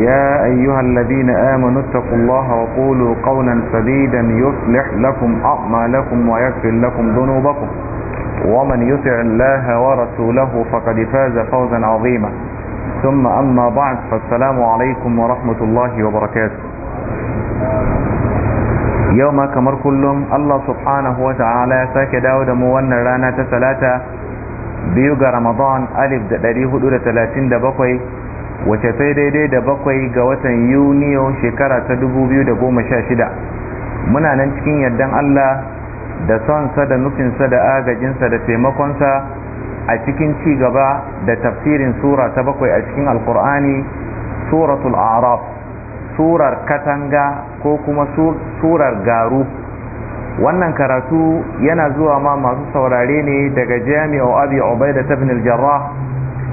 يا أيها الذين آمنوا اتقوا الله وقولوا قولا سديدا يصلح لكم أعمالكم ويغفر لكم ذنوبكم ومن يطع الله ورسوله فقد فاز فوزا عظيما ثم أما بعد فالسلام عليكم ورحمة الله وبركاته يوم كمر كلهم الله سبحانه وتعالى ساك داود موانا رانا تسلاتا بيوغا رمضان ألف دا دريه دا تلاتين دا wace sai daidai da bakwai ga watan yuniyo shekara ta 2016 muna nan cikin yardan allah da sonsa da nufinsa da agajinsa da taimakonsa a cikin ci gaba da tafsirin sura ta bakwai a cikin alkur'ani suratul araf surar katanga ko kuma surar garu wannan karatu yana zuwa ma masu saurare ne daga jami'a abi ubaida ibn jarrah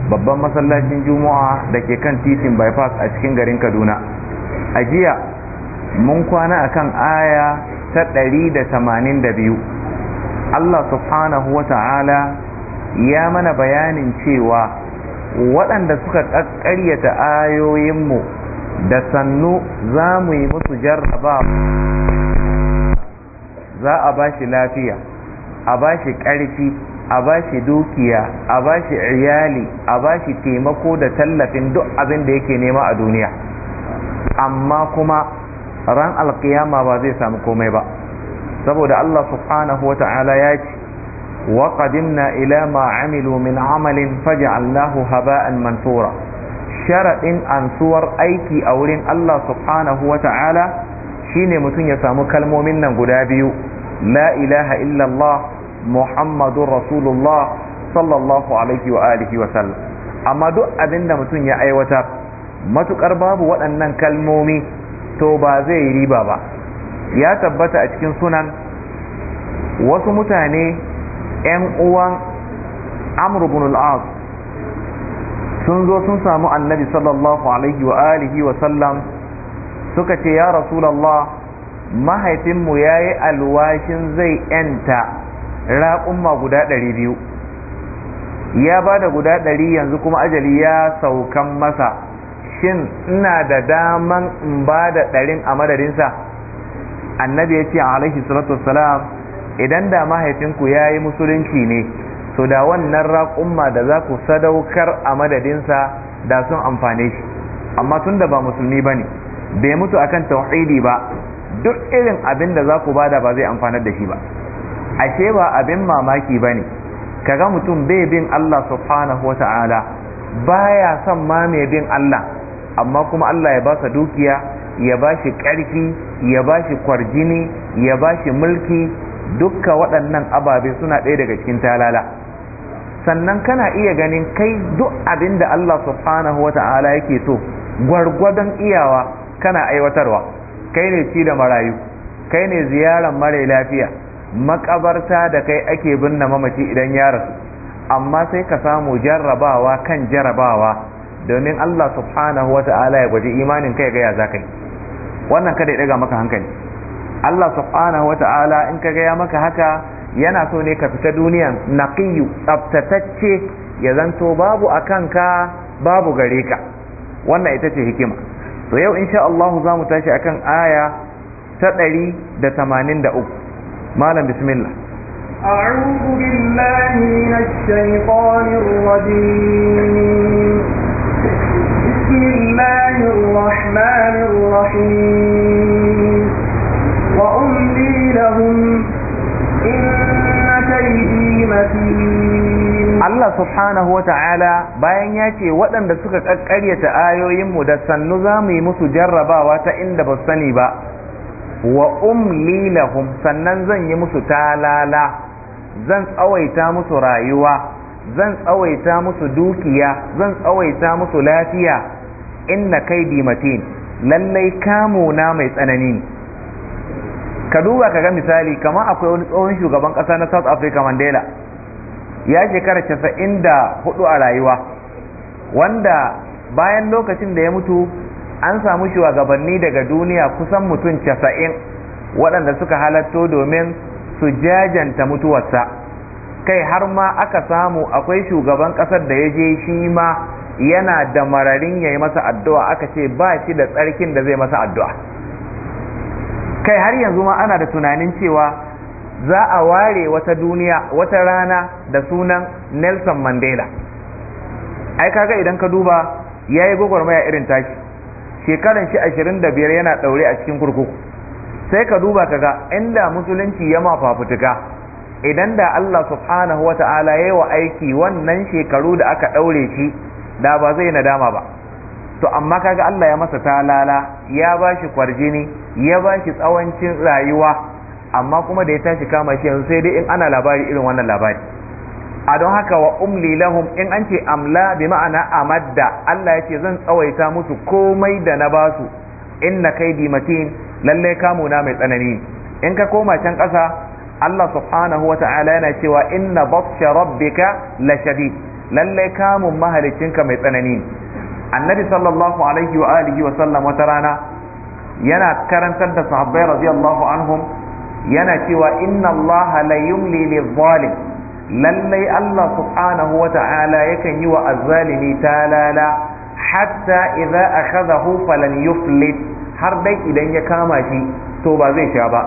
babban masallacin juma'a da ke kan titin bypass a cikin garin kaduna a jiya mun kwana a kan aya ta ɗari da da tamanin biyu. allah subhanahu wa ta'ala ya mana bayanin cewa waɗanda suka ƙaƙƙaryata ayoyinmu da sannu za mu yi musu jarraba za a ba shi lafiya a ba shi ƙarfi a bashi dukiya a bashi iyali a bashi taimako da tallafin duk abin da yake nema a duniya amma kuma ran alkiyama ba zai samu komai ba saboda Allah subhanahu taala ya ce wa qadimna ila ma amilu min amalin faj'alnahu haba'an mansura sharadin ansuwar aiki a wurin Allah subhanahu taala shine mutum ya samu kalmomin nan guda biyu la ilaha illallah Muhammadu rasulullah sallallahu alaihi wa alihi wa sallam amma duk abin mutum ya aiwata matukar babu waɗannan kalmomi to ba zai yi riba ba ya tabbata a cikin sunan wasu mutane 'yan uwan amr al-as sun zo sun samu annabi sallallahu alaihi wa alihi wa sallam suka ce ya rasulallah mahaifinmu ya yi alwashin zai ƴanta. raƙumma guda ɗari biyu ya ba da guda ɗari yanzu kuma ajali ya saukan masa shin ina da daman in ba da ɗarin a madadinsa annabi ya ce alaihi salatu salam idan da mahaifinku ya yi musulunci ne to da wannan raƙumma da za ku sadaukar a madadinsa da sun amfane shi amma tun da ba musulmi ba ne bai mutu akan tauhidi ba duk irin abin da za ku bada ba zai amfanar da shi ba ashe ba abin mamaki ba ne, kaga mutum bai bin Allah subhanahu wata'ala baya son ma mai bin Allah amma kuma Allah ya basa dukiya ya bashi ƙarfi ya bashi kwarjini ya bashi mulki dukka waɗannan ababe suna ɗaya daga cikin talala sannan kana iya ganin kai duk abin da Allah subhanahu ta'ala yake so gwargwadon iyawa kana aiwatarwa kai ne ci da marayu kai ne ziyarar mara lafiya makabarta da kai ake binne mamaci idan ya rasu amma sai ka samu jarrabawa kan jarrabawa domin Allah subhanahu wa ta'ala ya gwaji imanin kai ga ya za yi, wannan kada ya daga maka hankali Allah subhanahu wa ta'ala in ka gaya maka haka yana so ne ka fita duniyan naqiyu tsaftatacce ya zanto babu a ka babu gare ka wannan ita ce hikima to yau insha Allah za mu tashi akan aya ta ɗari da tamanin da uku malam bismillah أعوذ بالله من الشيطان الرجيم بسم الله الرحمن الرحيم وأملي لهم إن كيدي متين Allah subhanahu wa ta'ala bayan ya ce waɗanda suka ƙaƙƙaryata ayoyinmu da sannu za mu yi musu jarrabawa ta inda ba sani ba wa umli lahum sannan zan yi musu talala zan tsawaita musu rayuwa zan tsawaita musu dukiya zan tsawaita musu lafiya inna kai dimatin. lallai kamuna mai tsanani ka duba ka ga misali kamar akwai wani tsohon shugaban ƙasa na south africa mandela ya shekara casa'in da hudu a rayuwa wanda bayan lokacin da ya mutu an samu shugabanni daga duniya kusan mutum casa'in waɗanda suka halatto domin su jajanta mutuwarsa kai har ma aka samu akwai shugaban ƙasar da ya je shi ma yana da mararin ya yi masa addu'a aka ce ba shi da tsarkin da zai masa addu'a kai har yanzu ma ana da tunanin cewa za a ware wata duniya wata rana da sunan nelson mandela ai kaga idan ka duba ya yi gwagwarmaya irin tashi shekaran shi ashirin da biyar yana ɗaure a cikin kurkuku sai ka duba ka ga inda musulunci ya ma fafutuka idan da Allah subhanahu wa ta'ala ya wa aiki wannan shekaru da aka ɗaure shi da ba zai nadama ba to amma kaga Allah ya masa talala ya ba shi kwarjini ya ba shi tsawancin rayuwa amma kuma da ya tashi kama shi yanzu sai dai in ana labari irin wannan labari a don haka wa umli lahum in an ce amla bi ma'ana amadda Allah ya ce zan tsawaita musu komai da na basu inna kai matin lalle kamo na mai tsanani in ka koma can ƙasa Allah subhanahu wa ta'ala yana cewa inna batsha rabbika lashadid lalle kamun mahalicinka mai tsanani annabi sallallahu alaihi wa alihi wa sallam wata rana yana karantar da sahabbai radiyallahu anhum yana cewa inna Allah la yumli lil zalim lallai Allah subhanahu wa ta'ala yakan yi wa azzalimi talala hatta idza akhadahu falan yuflit har dai idan ya kama shi to ba zai sha ba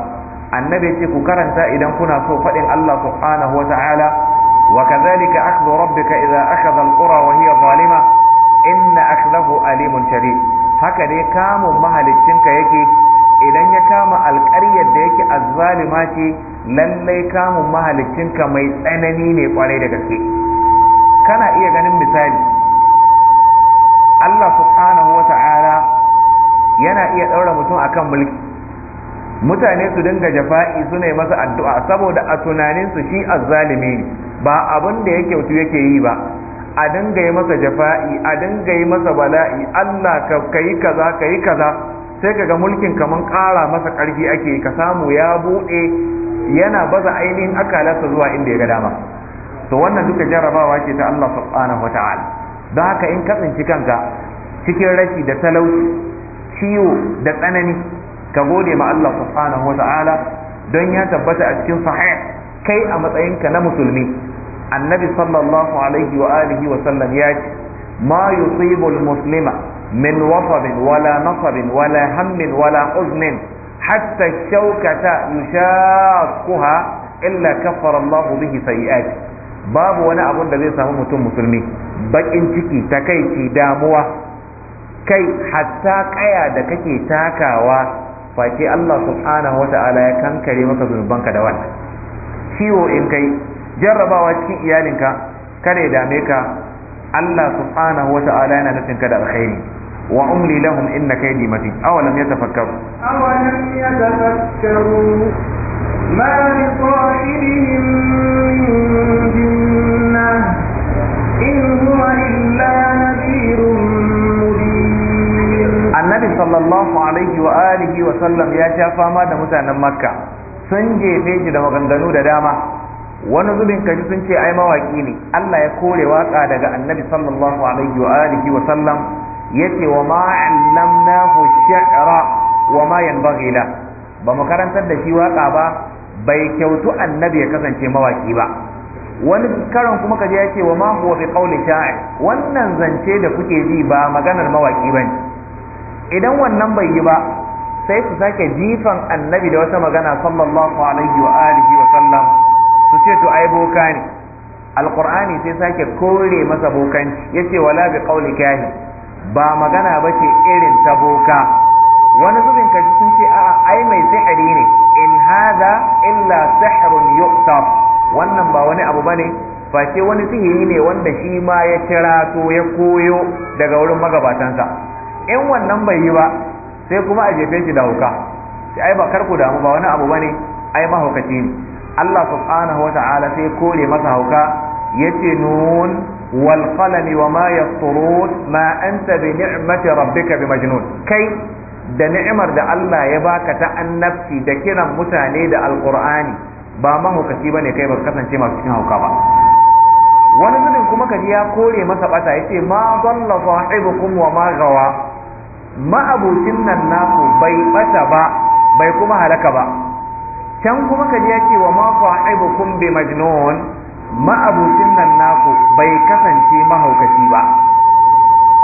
annabi ce ku karanta idan kuna so fadin Allah subhanahu wa ta'ala wa kadhalika akhdhu rabbika idza akhadha alqura wa hiya zalima inna akhdahu alimun shadid haka dai kamun mahalicinka yake idan ya kama alƙaryar da yake azzalima ce lallai kamun ka mai tsanani ne kwarai da gaske kana iya ganin misali Allah subhanahu wa ta'ala yana iya ɗaura mutum akan mulki mutane su dinga jafa'i su ne masa addu'a saboda a tunaninsu shi azzalimi ne ba abin da ya kyautu yake yi ba a dinga yi masa jafa'i a dinga yi masa bala'i Allah ka yi kaza ka yi kaza sai kaga mulkin kaman ƙara masa ƙarfi ake ka samu ya buɗe yana baza ainihin akalarsa zuwa inda ya ga dama to wannan duka jarrabawa ce ta Allah subhanahu wa ta'ala don haka in ka tsinci kanka cikin rashi da talauci ciwo da tsanani ka gode ma Allah subhanahu wa don ya tabbata a cikin sahih kai a matsayinka na musulmi annabi sallallahu alaihi wa alihi wa sallam ya ce ma yusibul muslima من وصب ولا نصب ولا هم ولا حزن حتى الشوكة يشاقها إلا كفر الله به سيئاته babu wani abun da zai samu mutum musulmi Baƙin ciki takaici damuwa kai hatta kaya da kake takawa face Allah subhanahu ta'ala ya kankare maka zunubanka da wannan ciwo in kai jarrabawa cikin iyalinka kare dame ka Allah subhanahu ta'ala yana nufin ka da alkhairi وأملي لهم إن كيدي متين أولم يتفكروا أولم يتفكروا ما لصاحبهم من جنة إن هو إلا نذير مبين النبي صلى الله عليه وآله وسلم يا شافا ما دمتنا مكة sun jefe shi da maganganu da dama wani zubin kaji sun ce ai mawaki ne Allah ya kore waka daga annabi sallallahu alaihi wa alihi wa sallam yace wa ma allamnahu shi'ra wa ma yanbaghi ba mu karantar da shi waka ba bai kyautu annabi ya kasance mawaki ba wani karan kuma kaje ya ce wa ma huwa bi qawli sha'ir wannan zance da kuke ji ba maganar mawaki bane idan wannan bai yi ba sai su sake jifan annabi da wata magana sallallahu alaihi wa alihi wa sallam su ce to ai boka ne alqur'ani sai sake kore masa bokanci yace wala bi qawli kahin ba magana ba ce irin ta boka wani zubin kaji sun ce a'a ai mai sihiri ne in haza illa sihrun yuqtab wannan ba wani abu bane face wani sihiri ne wanda shi ma ya kira to ya koyo daga wurin magabatansa in wannan bai yi ba sai kuma a jefe shi da hauka sai ai ba karku da damu ba wani abu bane ai mahaukaci ne Allah subhanahu wa ta'ala sai kore masa hauka yace nun والقلم وما يسطرون ما أنت بنعمة ربك بمجنون كي da ni'imar da Allah ya baka ta annabci da kiran mutane da alkur'ani ba mahaukaci bane kai ba kasance masu cikin hauka ba wani zubin kuma kaji ya kore masa bata yace ma dalla sahibukum wa ma gawa ma'abucin nan naku bai bata ba bai kuma halaka ba can kuma kaji ya ce wa ma sahibukum bi majnun Ma'abokin nan naku bai kasance mahaukaci ba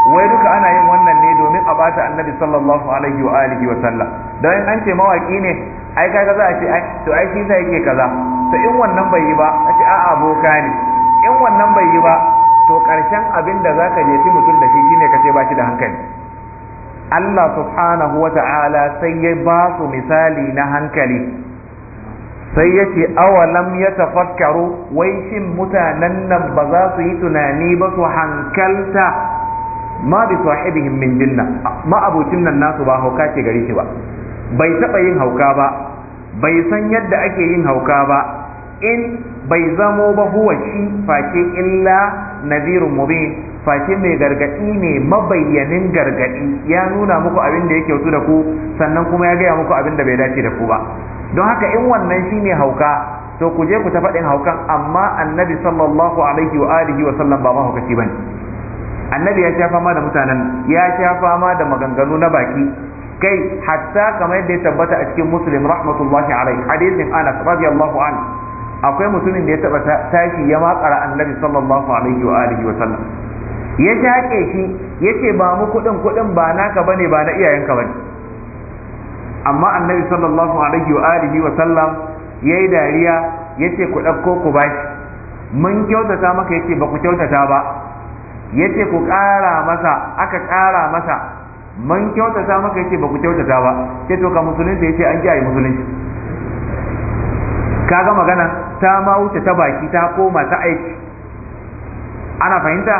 wai duka ana yin wannan ne domin a bata annabi sallallahu alaihi wa alihi wa sallam dan an ce mawaki ne ai kaga za a ce to ai shi sai yake kaza to in wannan bai yi ba a ce a'a boka ne in wannan bai yi ba to karshen abin da zaka jefi mutum da shi shine ka ce ba shi da hankali Allah subhanahu wa ta'ala sai ya ba su misali na hankali sai ya ce awalam ya tafakkaru wai shin mutanen nan ba za su yi tunani ba su hankalta ma bi sahibihim min jinna ma abokin nan nasu ba hauka ce gari shi ba bai taɓa yin hauka ba bai san yadda ake yin hauka ba in bai zamo ba huwa shi face illa nadirun mubin face mai gargadi ne mabayyanin gargadi ya nuna muku abin da yake kyautu da ku sannan kuma ya gaya muku abin da bai dace da ku ba don haka in wannan shine hauka to ku je ku ta faɗin haukan amma annabi sallallahu alaihi wa alihi wa sallam ba mahaukaci bane annabi ya sha fama da mutanen ya sha fama da maganganu na baki kai hatta kamar yadda ya tabbata a cikin muslim rahmatullahi alaihi hadisin anas radiyallahu an akwai mutumin da ya taba tashi ya makara annabi sallallahu alaihi wa alihi wa sallam ya shaƙe shi yace ba mu kuɗin kuɗin ba naka bane ba na iyayenka bane amma annabi sallallahu alaihi wa alihi wa sallam yayi dariya yace ku ɗauko ku bashi mun kyautata maka yace ba ku kyautata ba yace ku ƙara masa aka ƙara masa mun kyautata maka yace ba ku kyautata ba sai to ka musulunci yace an kiyaye musulunci kaga magana ta ma wuce ta baki ta koma ta aiki ana fahimta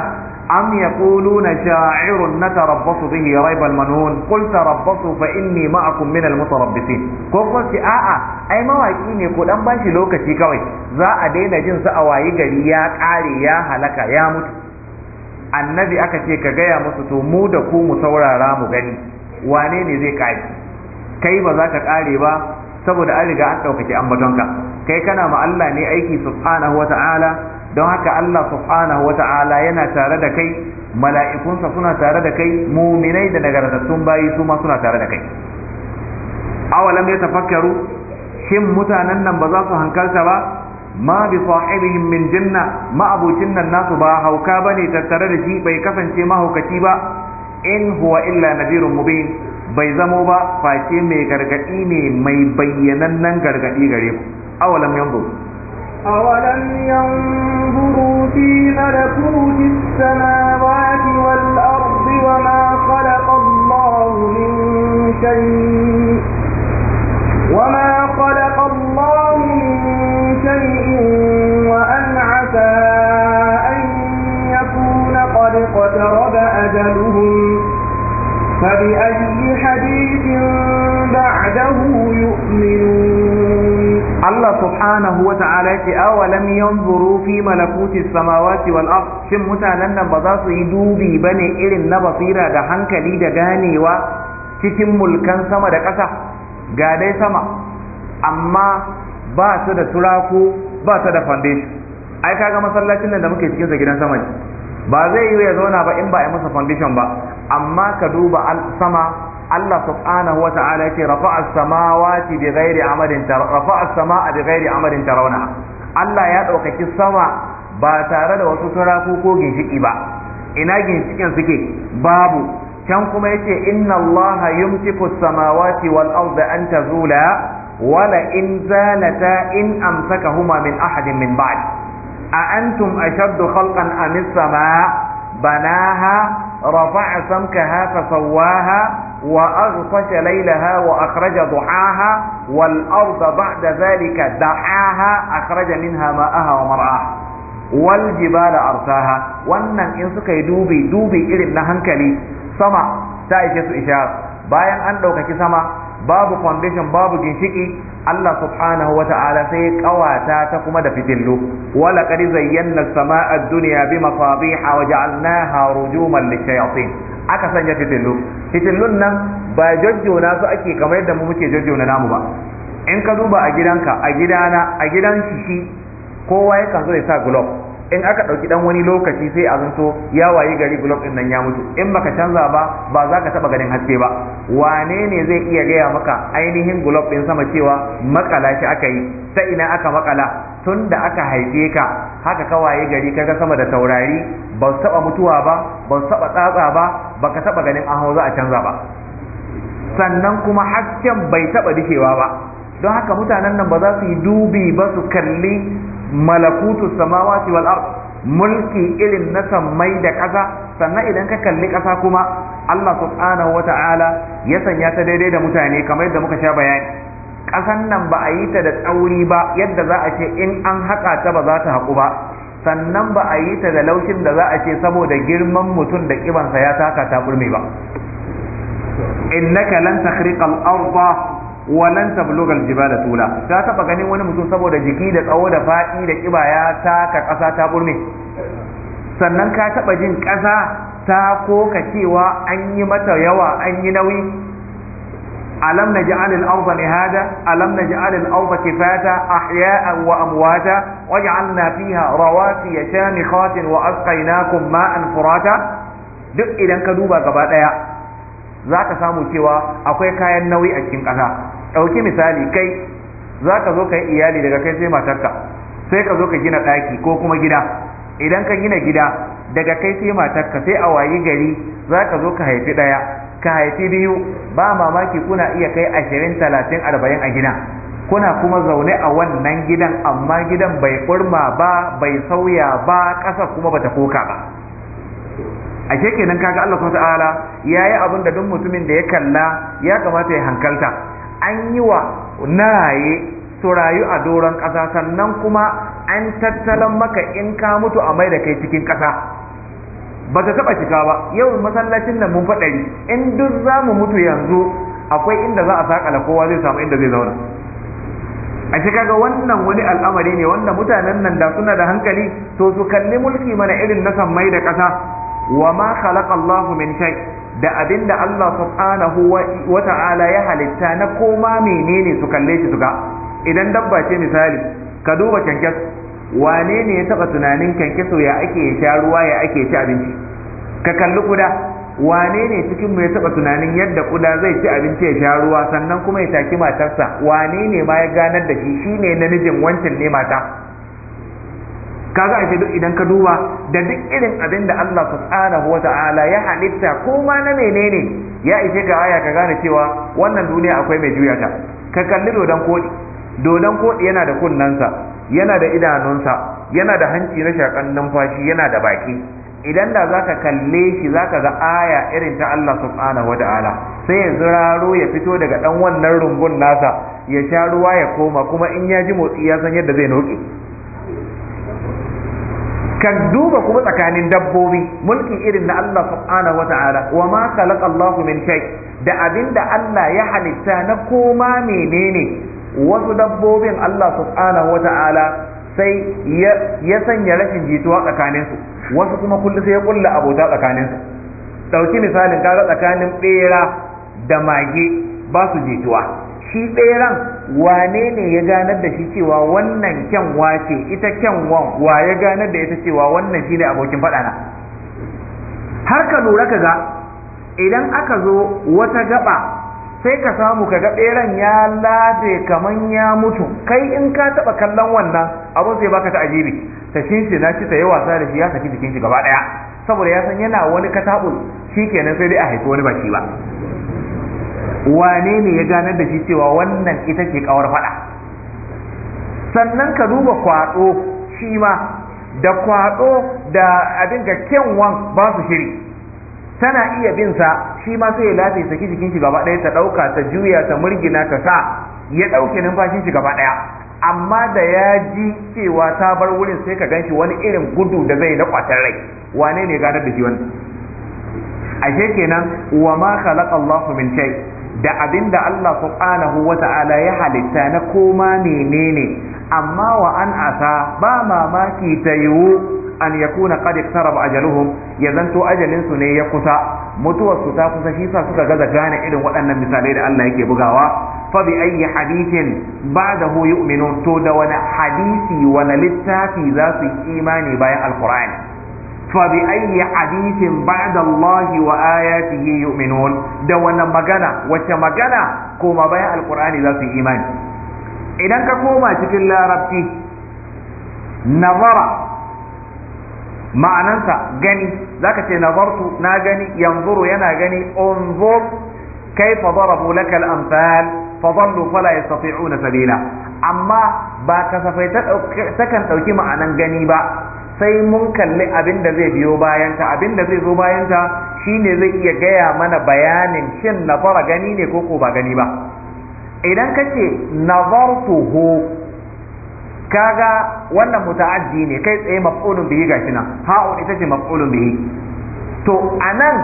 أم يقولون شاعر نتربص به ريب المنون قل تربصوا فإني معكم من المتربصين كوكوس آآ ai مواكي ne ko dan bashi lokaci kawai za a daina jin su a wayi gari ya kare ya halaka ya mutu annabi aka ce ka gaya musu to mu da ku mu saurara mu gani wane ne zai kare kai ba za ka kare ba saboda an riga an ɗaukaki ambatonka kai kana ma Allah ne aiki subhanahu wa don haka Allah subhanahu ta'ala yana tare da kai mala'ikunsa suna tare da kai muminai da nagartattun bayi su ma suna tare da kai awalan ya tafakkaru shin mutanen nan ba za su hankalta ba ma bi sahibihim min janna ma abucin nan nasu ba hauka ba ne, tattare da shi bai kasance mahaukaci ba in huwa illa nadirun mubin bai zamo ba face mai gargadi ne mai bayyanannen gargadi gare ku awalan yanzu أولم ينظروا في ملكوت السماوات والأرض وما خلق الله من شيء وما خلق الله من شيء وأن عسى أن يكون قد اقترب أجلهم فبأي حديث بعده يؤمنون Allah subhanahu wa ta'ala awa awalam yanzuru fi malakuti samawati wal ard shin mutanen nan ba za su yi dubi bane irin na basira da hankali da ganewa cikin mulkan sama da ƙasa ga dai sama amma ba su da turaku ba su da foundation ai kaga masallacin nan da muke cikin sa gidan sama ba zai yi ya zauna ba in ba a masa foundation ba amma ka duba sama Allah subhanahu wa ta'ala yake rafa'a samawati bi ghairi amadin rafa'a samaa bi ghairi amadin tarawna Allah ya ɗaukaki sama ba tare da wasu turaku ko ginshiki ba ina ginshikin suke babu can kuma yace inna allaha yumtiku samawati wal arda an tazula wala in zalata in amsakahuma min ahadin min ba'd a antum ashaddu khalqan am as-samaa banaha rafa'a samkaha fasawwaha وأغطش ليلها وأخرج ضحاها والأرض بعد ذلك دحاها أخرج منها ماءها ومرعاها والجبال أرساها وأن إن سكي دوبي دوبي إذن هنكلي سما تأتي إشار bayan an ɗaukaki sama babu foundation babu ginshiki Allah subhanahu wata'ala sai kawata ta kuma da fitillu wala qad zayyana as-samaa ad-dunya bi masabiha wa ja'alnaha rujuman lishayatin aka sanya fitillu fitillun nan ba jojjona su ake kamar yadda mu muke jojjona namu ba in ka duba a gidanka a gidana a gidan shi kowa yakan zai ya sa glove in aka ɗauki ɗan wani lokaci sai a zanto ya wayi gari gulob din nan ya mutu in baka canza ba ba za ka taɓa ganin haske ba wane ne zai iya gaya maka ainihin gulob ɗin sama cewa makala shi aka yi ta ina aka makala tun da aka haife ka haka ka waye gari ga sama da taurari ba su taɓa mutuwa ba ba su taɓa tsatsa ba Ba ka taɓa ganin an za a canza ba sannan kuma hasken bai taɓa dishewa ba don haka mutanen nan ba za su yi dubi ba su kalli malakutu samawati wal ard mulki irin na sammai da ƙasa sannan idan ka kalli ƙasa kuma Allah subhanahu wata'ala ya sanya ta daidai da mutane kamar yadda muka sha bayani ƙasan nan ba a yi ta da tsauri ba yadda za a ce in an haƙa ta ba za ta haƙu ba sannan ba a yi ta da laushin da za a ce saboda girman mutum da ƙibansa ya taka ta burme ba innaka lan takhriqa al-ardh walan tablugal jibala tula ta taba ganin wani mutum saboda jiki da tsawo da faɗi da kiba ya taka ƙasa ta burne sannan ka taba jin ƙasa ta koka cewa an yi mata yawa an yi nauyi alam naj'al al-ardha nihada alam naj'al al-ardha kifata ahya'a wa amwata waj'alna fiha ni shamikhatin wa asqaynakum an furata duk idan ka duba gaba daya za ka samu cewa akwai kayan nauyi a cikin ƙasa ɗauki misali kai za ka zo ka yi iyali daga kai sai matarka sai ka zo ka gina ɗaki ko kuma gida idan ka gina gida daga kai sai matarka sai a wayi gari za ka zo ka haifi ɗaya ka haifi biyu ba mamaki kuna iya kai ashirin talatin arba'in a gida kuna kuma zaune a wannan gidan amma gidan bai kurma ba bai sauya ba ƙasa kuma bata koka ba ashe kenan kaga Allah subhanahu ta'ala yayi abin da duk mutumin da ya kalla ya kamata ya hankalta an yi wa na raye su rayu a doron ƙasa sannan kuma an tattalan maka in ka mutu a mai da kai cikin ƙasa ba ta taɓa shiga ba yau masallacin nan mun faɗari in duk za mu mutu yanzu akwai inda za a saƙala kowa zai samu inda zai zauna a shi kaga wannan wani al'amari ne wanda mutanen nan da suna da hankali to su kalli mulki mana irin na mai da ƙasa wa ma khalaqa Allahu min shay' da abin da Allah subhanahu wa ta'ala ya halitta na koma menene su kalle shi suga. idan dabba ce misali ka duba kyankyaso wane ne ya taba tunanin kyankyaso ya ake sha ruwa ya ake ci abinci ka kalli kuda wane ne cikin mu ya taba tunanin yadda kuda zai ci abinci ya sha ruwa sannan kuma ya taki matarsa wane ne ma ya ganar da shi shine namijin wancan ne mata kaga ashe duk idan ka duba da duk irin abin da Allah subhanahu wa ta'ala ya halitta ko ma na menene ya ishe ga aya ka gane cewa wannan duniya akwai mai juya ta ka kalli dodon koɗi dodon koɗi yana da kunnensa yana da idanunsa yana da hanci na shakan numfashi yana da baki idan da za ka kalle shi za ka ga aya irin ta Allah subhanahu ta'ala sai ya ziraro ya fito daga ɗan wannan rungun nasa ya sha ruwa ya koma kuma in ya ji motsi ya san yadda zai noke Kan duba kuma tsakanin dabbobi mulki irin na Allah subhanahu wata'ala wa ma khalaqa Allahu min shay da abinda Allah ya halitta na koma menene wasu dabbobin Allah subhanahu wata'ala sai ya sanya rashin jituwa tsakanin su wasu kuma kullu sai ya kulla abota tsakanin su dauki misalin kaga tsakanin bera da mage ba su jituwa shi beran wane ne ya ganar da shi cewa wannan kyanwa ce ita kyanwan wa ya ganar da ita cewa wannan shi ne abokin faɗana har ka lura ka ga idan aka zo wata gaba sai ka samu ka ga ɓeran ya lafe kaman ya mutu kai in ka taɓa kallon wannan abin sai baka ta ajibi ta shi na shi ta yi wasa da shi ya saki jikin shi gaba ɗaya saboda ya san yana wani katabul shi kenan sai dai a haifi wani baki ba wane ne ya ganar da shi cewa wannan ita ce kawar faɗa sannan ka duba kwaɗo shi ma da kwaɗo da abin ga kyanwan ba su shiri tana iya bin sa shi ma sai ya lafe saki jikin shi gaba daya ta ɗauka ta juya ta murgina ta sa ya ɗauke numfashin shi gaba ɗaya amma da ya ji cewa ta bar wurin sai ka ganshi wani irin gudu da zai na kwatar rai wane ne ganar da shi wannan ashe kenan wa ma khalaqa Allahu min shay da abinda Allah subhanahu wata'ala ya halitta na koma menene amma wa an asa ba mamaki ta yiwu an yakuna qad iktaraba ajaluhum ya zanto ajalin su ne ya kusa mutuwar su ta kusa shi sa suka gaza gane irin waɗannan misalai da Allah yake bugawa fa bi ayyi hadithin ba'dahu yu'minun to da wani hadisi wani littafi za su yi imani bayan alqur'ani فبأي حديث بعد الله وآياته يؤمنون da wannan magana wacce magana koma bayan alkur'ani zasu yi imani idan ka koma cikin larabci nazara ma'anansa gani zaka ce nazartu na gani yanzuru yana gani unzur kaifa darabu laka al-amsal fa dhallu fala yastati'una sabila amma ba kasafai ta kan dauki ma'anan gani ba sai mun kalli abin da zai biyo bayanta abin da zai zo bayanta shine zai iya gaya mana bayanin shin nazara gani ne ko ko ba gani ba idan kace nazartuhu kaga wannan muta'addi ne kai tsaye maf'ulun bihi gashi nan ha'un ita ce maf'ulun bihi to anan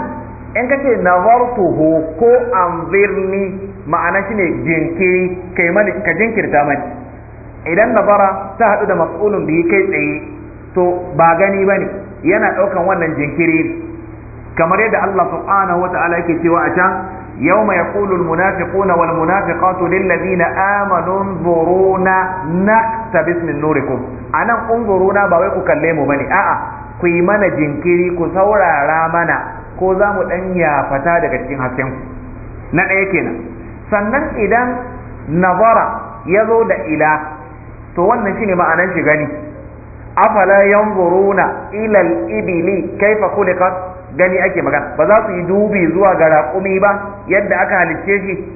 in kace nazartuhu ko anzirni ma'ana shine jinkiri kai mani ka jinkirta mani idan nazara ta haɗu da maf'ulun bihi kai tsaye to ba gani bane yana ɗaukan wannan jinkiri kamar yadda Allah subhanahu wata'ala yake cewa a can yawma yaqulu almunafiquna walmunafiqatu lilladhina amanu nzuruna naqta bismin nurikum anan unzuruna ba wai ku kalle mu bane a'a ku yi mana jinkiri ku saurara mana ko za mu dan yafata daga cikin hasken ku na ɗaya kenan sannan idan nazara ya zo da ila to wannan shine ma'anar shi gani afala yanzuruna ila al-ibli kaifa khuliqat gani ake magana ba za su yi dubi zuwa ga raƙumi ba yadda aka halicce shi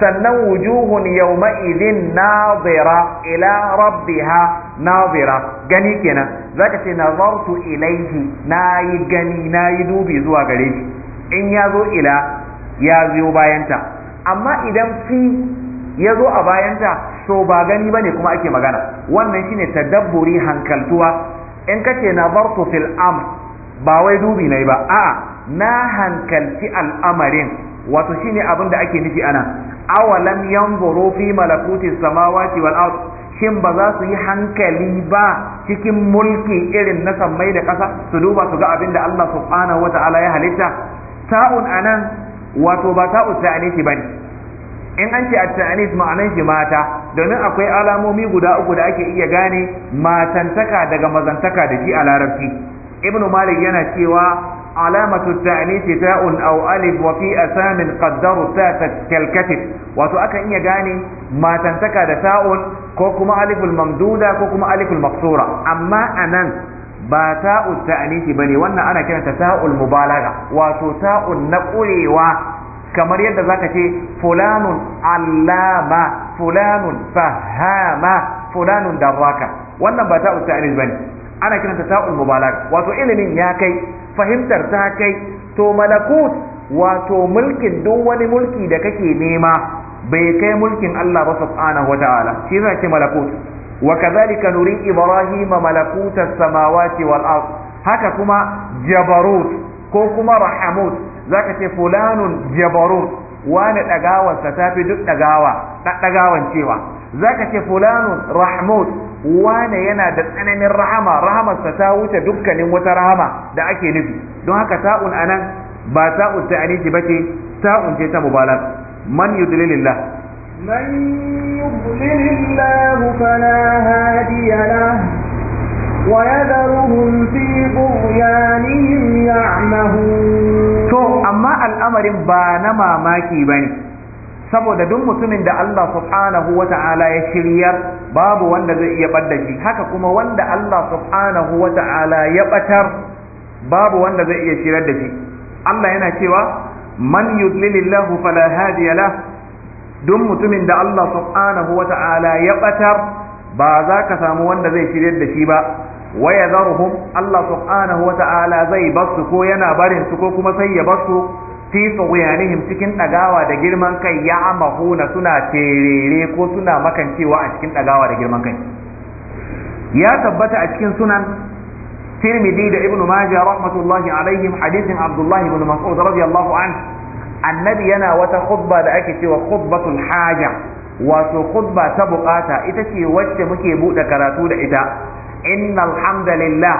sannan wujuhun yawma idhin nadira ila rabbiha nadira gani kenan zaka ce nazartu ilayhi nayi gani nayi dubi zuwa gare shi in ya zo ila ya zo bayanta amma idan fi ya zo a bayanta to ba gani ne kuma ake magana wannan shine tadabburi hankaltuwa in kace na bartu fil amr ba wai dubi nayi ba a'a na hankalci al'amarin wato shine abin da ake nufi anan. awalam yanzuru fi malakuti samawati wal ard shin ba za su yi hankali ba cikin mulki irin na sammai da ƙasa su duba su ga abin da Allah subhanahu wata'ala ya halitta ta'un anan wato ba ta'u ta'anisi bane in an ce at-ta'anis ma'anan shi mata domin akwai alamomi guda uku da ake iya gane matantaka daga mazantaka da shi a larabci ibnu malik yana cewa alamatu ta'nisi ta'un aw alif wa fi asamin qaddaru ta kalkatif wato akan iya gane matantaka da ta'un ko kuma aliful mamduda ko kuma aliful maksura amma anan ba ta'ul ta'anisi bane wannan ana kiranta ta'ul mubalagha wato ta'un na ƙurewa kamar yadda za ka ce fulanun allama fulanun fahama fulanun darraka wannan ba ta'u ba bane ana kiranta ta'ul mubalag wato ilimin ya kai fahimtar ta kai to malakut wato mulkin duk wani mulki da kake nema bai kai mulkin Allah ba subhanahu wataala shi yasa ce malakut wa kazalika nuri ibrahima malakuta samawati wal ard haka kuma jabarut ko kuma rahamut zaka ce fulanun jabarun wani ɗagawarsa ta fi duk ɗagawa ɗagawan cewa zaka ce fulanun rahmud wane yana da tsananin rahama rahamarsa ta wuce dukkanin wata rahama da ake nufi don haka ta'un anan ba ta'un ta aniki ce ta'un ce ta mubalag man yudlilillah man yudlilillah fala hadiya ويذرهم في طغيانهم يعمهون to amma al'amarin ba na mamaki bane saboda duk mutumin da Allah subhanahu wa ta'ala ya shiryar babu wanda zai iya ɓadda shi haka kuma wanda Allah subhanahu wa ta'ala ya ɓatar babu wanda zai iya shirar da shi Allah yana cewa man yudlilillahu fala hadiya lah duk mutumin da Allah subhanahu wa ta'ala ya ɓatar ba za ka samu wanda zai shirar da shi ba wa yadharuhum Allah subhanahu wa ta'ala zai basu ko yana barin su ko kuma sai ya basu fi tsawiyanihim cikin ɗagawa da girman kai ya na suna terere ko suna makancewa a cikin ɗagawa da girman kai ya tabbata a cikin sunan Tirmidhi da Ibn Majah rahmatullahi alaihim hadithin Abdullah ibn Mas'ud radiyallahu an annabi yana wata khutba da ake cewa khutbatul haja wato khutba ta bukata ita ce wacce muke bude karatu da ita إن الحمد لله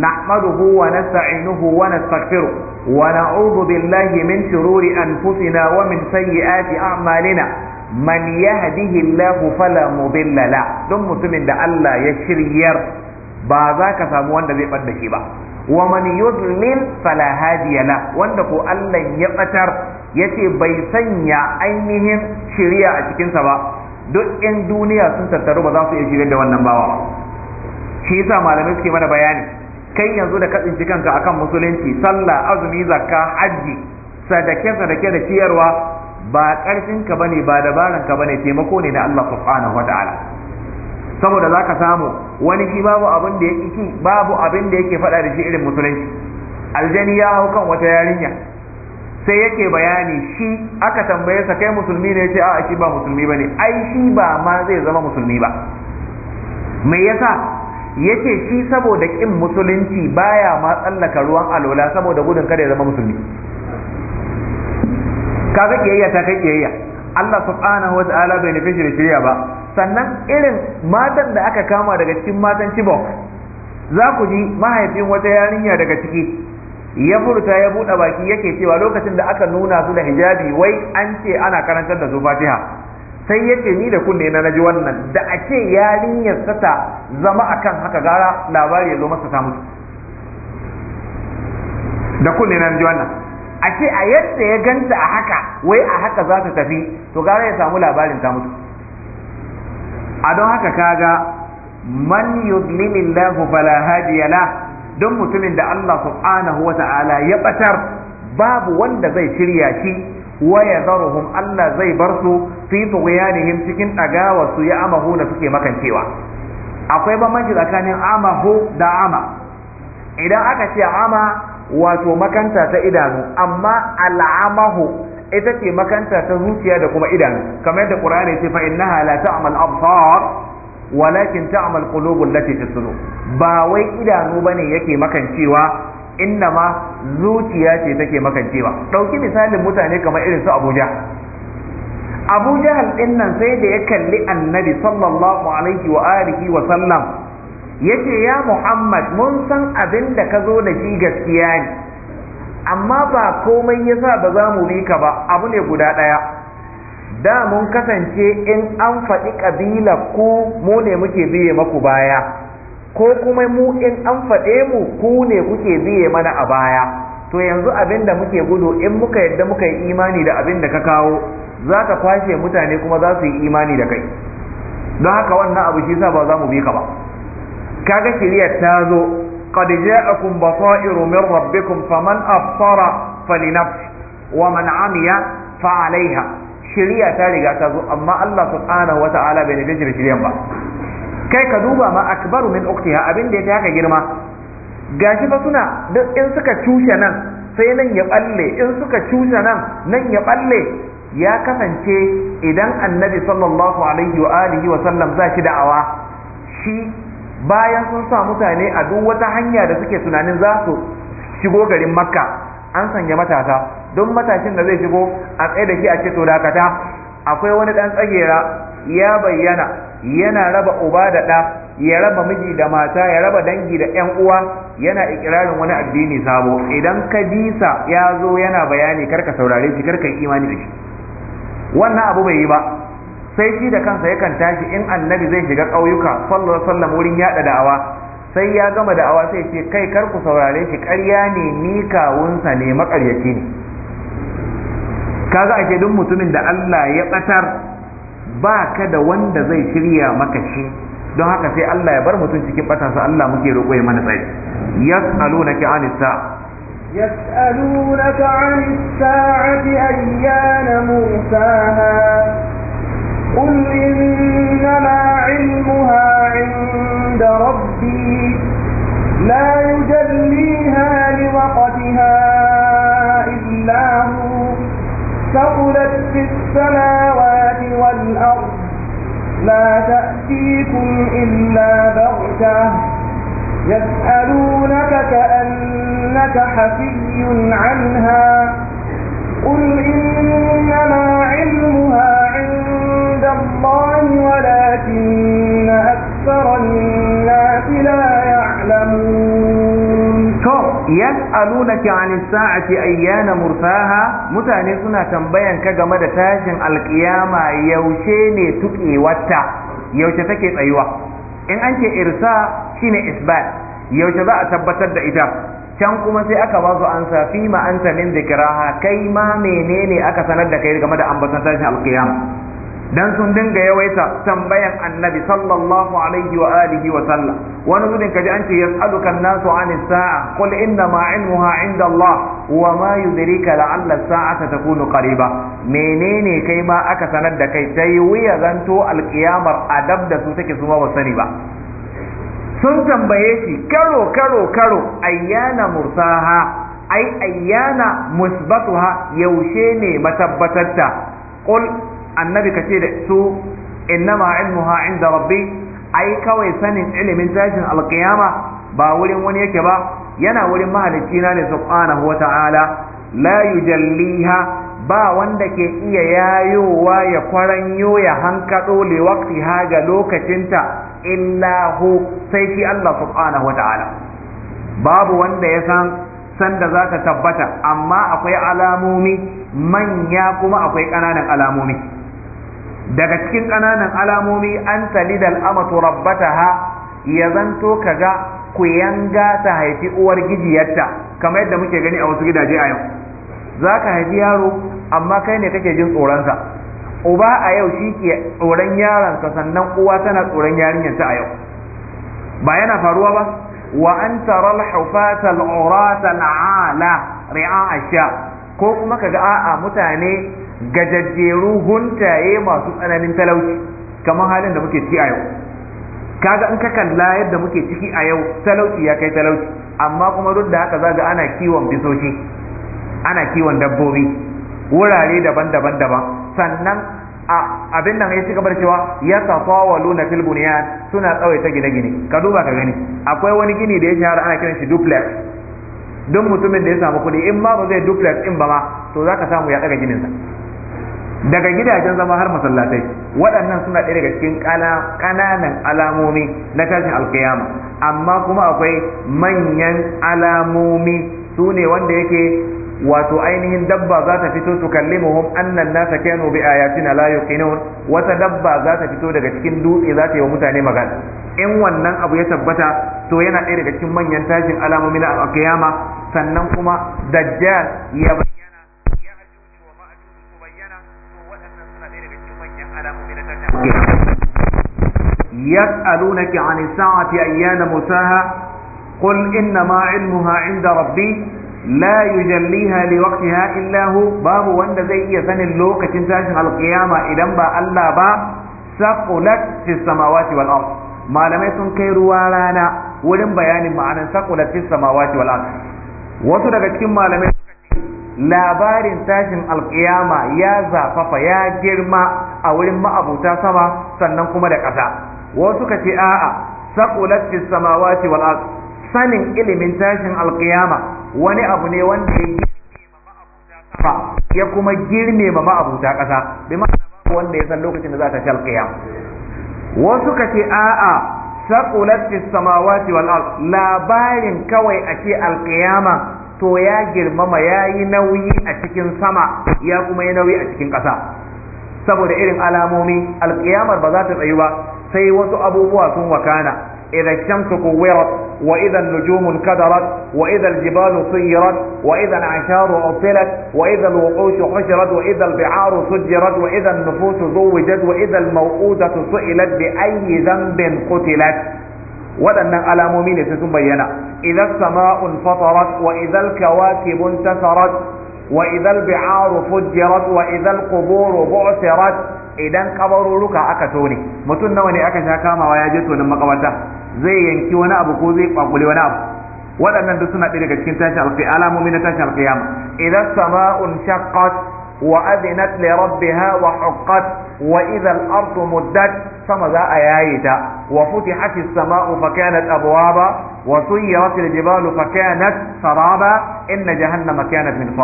نحمده ونستعينه ونستغفره ونعوذ بالله من شرور أنفسنا ومن سيئات أعمالنا من يهده الله فلا مضل له دم مسلم ده الله يشرير بازاك ساموان ده بيقد شيبا ومن يضلل فلا هادي له وانده كو الله يقتر yace bai sanya ainihin shiriya a cikinsa ba duk 'yan duniya sun tattaru ba za su iya shirya da wannan bawa ba shi yasa malamai suke mana bayani kai yanzu da tsinci kanka akan musulunci sallah azumi zakka hajji sadake sadake da ciyarwa ba karfin ka bane ba dabaran ka bane taimako ne da Allah subhanahu wataala saboda zaka samu wani shi babu abin da yake babu abin da yake faɗa da shi irin musulunci aljani ya hau kan wata yarinya sai yake bayani shi aka tambaye sa kai musulmi ne ce a shi ba musulmi bane ai shi ba ma zai zama musulmi ba me yasa yace shi saboda kin musulunci baya ma tsallaka ruwan alola saboda gudun kada ya zama musulmi kaga kiyayya ta kai kiyayya Allah subhanahu wa ta'ala bai nufi shi shirya ba sannan irin matan da aka kama daga cikin matan Chibok za ku ji mahaifin wata yarinya daga ciki ya furta ya buɗe baki yake cewa lokacin da aka nuna su da hijabi wai an ce ana karantar da su Fatiha sai yace ni da kunne na naji wannan da a yarinyar sata zama akan haka gara labari ya zo masa ta mutu da kunne na naji wannan a ce a yadda ya ganta a haka wai a haka za ta tafi to gara ya samu labarin ta mutu a don haka kaga man yudlilillahu fala hadiya la don mutumin da Allah subhanahu wa ta'ala ya batar babu wanda zai shirya shi wa yadharuhum Allah zai bar su fi tughyanihim cikin dagawa su ya amahu da suke makancewa akwai bambanci tsakanin amahu da ama idan aka ce ama wato makanta ta idanu amma al'amahu ita ce makanta ta zuciya da kuma idanu kamar yadda qur'ani ce fa innaha la ta'mal absar walakin ta'mal qulubul lati tasulu ba wai idanu bane yake makancewa inna ma zuciya ce take makancewa ɗauki misalin mutane kamar irin su abuja Abuja halɗin din nan sai da ya kalli annabi sallallahu alaihi wa alihi wa sallam ya ce ya muhammad mun san abin da ka zo da shi gaskiya ne amma ba komai yasa ba za mu bi ka ba abu ne guda ɗaya da mun kasance in an faɗi ƙabila ku mu ne muke biye maku baya ko kuma mu in an faɗe mu ku ne kuke biye mana a baya to yanzu abin da muke gudu in muka yadda muka yi imani da abin da ka kawo za ka kwashe mutane kuma za su yi imani da kai don haka wannan abu shi sa ba za mu bi ka ba kaga shirya ta zo qad ja'akum basairu min rabbikum faman absara falinafsi wa man amiya fa alaiha shirya ta riga ta zo amma Allah subhanahu wata'ala bai nufi shirya ba kai ka duba ma akbaru min uktiha abin da ya taka girma gashi fa suna duk in suka cushe nan sai nan ya balle in suka cushe nan nan ya balle ya kasance idan annabi sallallahu alaihi wa alihi wa sallam za shi da'awa shi bayan sun sa mutane a duk wata hanya da suke tunanin za su shigo garin makka an sanya matasa don matashin da zai shigo a tsaye da shi a ce to dakata akwai wani dan tsagera ya bayyana yana raba uba da ɗa ya raba miji da mata ya raba dangi da ƴan uwa yana ikirarin wani addini sabo idan ka ya zo yana bayani karka saurare shi karka imani da shi wannan abu bai yi ba sai shi da kansa yakan tashi in annabi zai shiga ƙauyuka sallallahu alaihi wasallam wurin yada da'awa sai ya gama da'awa sai ce kai kar ku saurare shi ƙarya ne ni kawunsa ne maƙaryaci ne kaga ake duk mutumin da Allah ya ɓatar ba ka da wanda zai shirya maka shi don haka sai Allah ya bar mutum cikin ɓata su Allah muke roƙo ya mana tsaye yas'alu na ki an isa yas'alu na ka an isa a fi musa ha kul inna ma ha inda rabbi la yujalliha li waqatiha illa hu ثقلت في السماوات والأرض لا تأتيكم إلا بغتة يسألونك كأنك حفي عنها قل إنما علمها عند الله ولكن أكثر الناس yas'alunaka 'anis sa'ati ayyana mursaha mutane suna tambayan ka game da tashin alƙiyama yaushe ne tuƙewarta yaushe take tsayuwa in an ce irsa shine isbat yaushe za a tabbatar da ita can kuma sai aka ba su ansa fi ma anta min dhikraha kai ma menene aka sanar da kai game da ambaton tashin alkiyama dan sun dinga yawaita tambayan annabi sallallahu alaihi wa alihi wa sallam wani gudun kaji an ce yas'aluka an-nasu 'ani sa'a qul inna ma 'ilmuha 'inda Allah wa ma yudrika la'alla as-sa'ata takunu qariba menene kai ma aka sanar da kai sai wuya zanto alqiyamar adab da su take su ba sani ba sun tambaye shi karo karo karo ayyana mursaha ay ayyana musbatuha yaushe ne matabbatarta qul annabi ka ce da su innama ilmuha inda rabbi ai kawai sanin ilimin tashin alkiyama ba wurin wani yake ba yana wurin mahalicci na ne subhanahu wa ta'ala la yujalliha ba wanda ke iya yayowa ya kwaranyo ya hankado li ha ga lokacinta illa hu sai shi Allah subhanahu wa ta'ala babu wanda ya san sanda za ta tabbata amma akwai alamomi manya kuma akwai ƙananan alamomi daga cikin ƙananan alamomi an talidal amatu rabbataha ya zanto kaga ku yanga ta haifi uwar gijiyarta kamar yadda muke gani a wasu gidaje a yau za ka haifi yaro amma kai ne kake jin tsoronsa uba a yau shi ke tsoron yaronsa sannan uwa tana tsoron yarinyarta a yau ba yana faruwa ba wa an taral hufata al-ala ri'a asha ko kuma kaga a'a mutane gajajjeru huntaye masu tsananin talauci kamar halin da muke ciki a yau kaga in ka kalla yadda muke ciki a yau talauci ya kai talauci amma kuma duk da haka zaga ana kiwon bisoshi ana kiwon dabbobi wurare daban-daban daban sannan a abin nan ya ci gaba cewa ya tafawalu na fil bunyan suna ta gine-gine ka duba ka gani akwai wani gini da ya shahara ana kiran shi duplex duk mutumin da ya samu kuɗi in ma ba zai duplex in ba ma to zaka samu ya ɗaga gininsa daga gidajen zama har masallatai waɗannan suna ɗaya daga cikin ƙananan alamomi na tashin alkiyama amma kuma akwai manyan alamomi su ne wanda yake wato ainihin dabba za ta fito su kallimuhum annan nasa kenu bi ayatina la yuqinun wata dabba za ta fito daga cikin dutse za ta yi wa mutane magana in wannan abu ya tabbata to yana ɗaya daga cikin manyan tashin alamomi na kiyama sannan kuma dajjal ya يسألونك عن الساعة أيان مساها قل إنما علمها عند ربي لا يجليها لوقتها إلا هو باب وند زي يسن اللوقة تنتاشن القيامة إذن با ألا با ثقلت في السماوات والأرض ما لم يسن كيروا لنا ولم بيان معنى ثقلت في السماوات والأرض wasu daga cikin malamai labarin tashin alkiyama ya zafafa ya girma a wurin ma'abuta sama sannan kuma da ƙasa wasu ka ce a'a saqulat fis samawati wal ard sanin ilimin tashin alqiyama wani abu ne wanda ya girme ya kuma girme ma ma'abuta ƙasa bi ma'ana wanda ya san lokacin da za ta shal qiyam wasu ka ce a'a saqulat fis samawati wal ard labarin kawai a ce alqiyama to ya girmama ya yi nauyi a cikin sama ya kuma yi nauyi a cikin ƙasa saboda irin alamomi alƙiyamar ba za ta tsayu ba sai wasu abubuwa sun wakana idan shamsu kuwirat wa idan nujumu kadarat wa idan jibalu sayrat wa idan asharu usilat wa idan wuqushu hushirat wa idan bi'aru sujirat wa idan nufusu zuwijat wa idan maw'udatu su'ilat bi ayyi dhanbin qutilat waɗannan alamomi ne sai sun bayyana idan sama'un fatarat wa idan kawakibun tasarat wa idan bi'aru fujirat wa idan quburu bu'sirat idan kabaruruka aka tone mutum nawa ne aka sha kamawa ya je tonin makabarta zai yanki wani abu ko zai kwakule wani abu waɗannan duk suna ɗaya daga cikin tashin alƙi alamomi na tashin alƙiyama idan sama'un shaqqat wa adinat li rabbiha wa huqqat wa idha ardu muddat sama za a yaye ta wa futihat as-sama'u fa kanat abwaba wa suyirat al-jibalu fa kanat saraba inna jahannama kanat min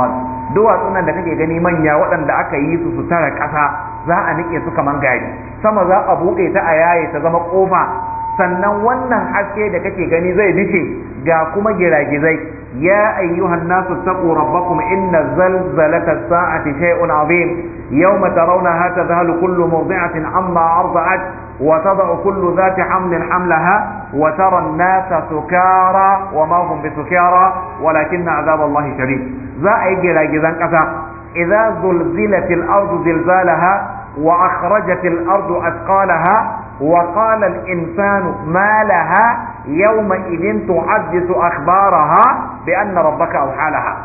duwatsun nan da kake gani manya waɗanda aka yi su su tara ƙasa za a nike su kamar gari sama za a buɗe ta a yaye ta zama ƙofa sannan wannan haske da kake gani zai dice ga kuma giragizai ya ayyuhan nasu taqu rabbakum inna zalzalata as-sa'ati shay'un 'azim yawma tarawnaha tadhhalu kullu murdi'atin amma arda'at وتضع كل ذات حمل حملها وترى الناس سكارى وما هم بسكارى ولكن عذاب الله شديد زائد الى جذان كذا اذا زلزلت الارض زلزالها واخرجت الارض اثقالها وقال الانسان ما لها يومئذ تحدث اخبارها بان ربك اوحى لها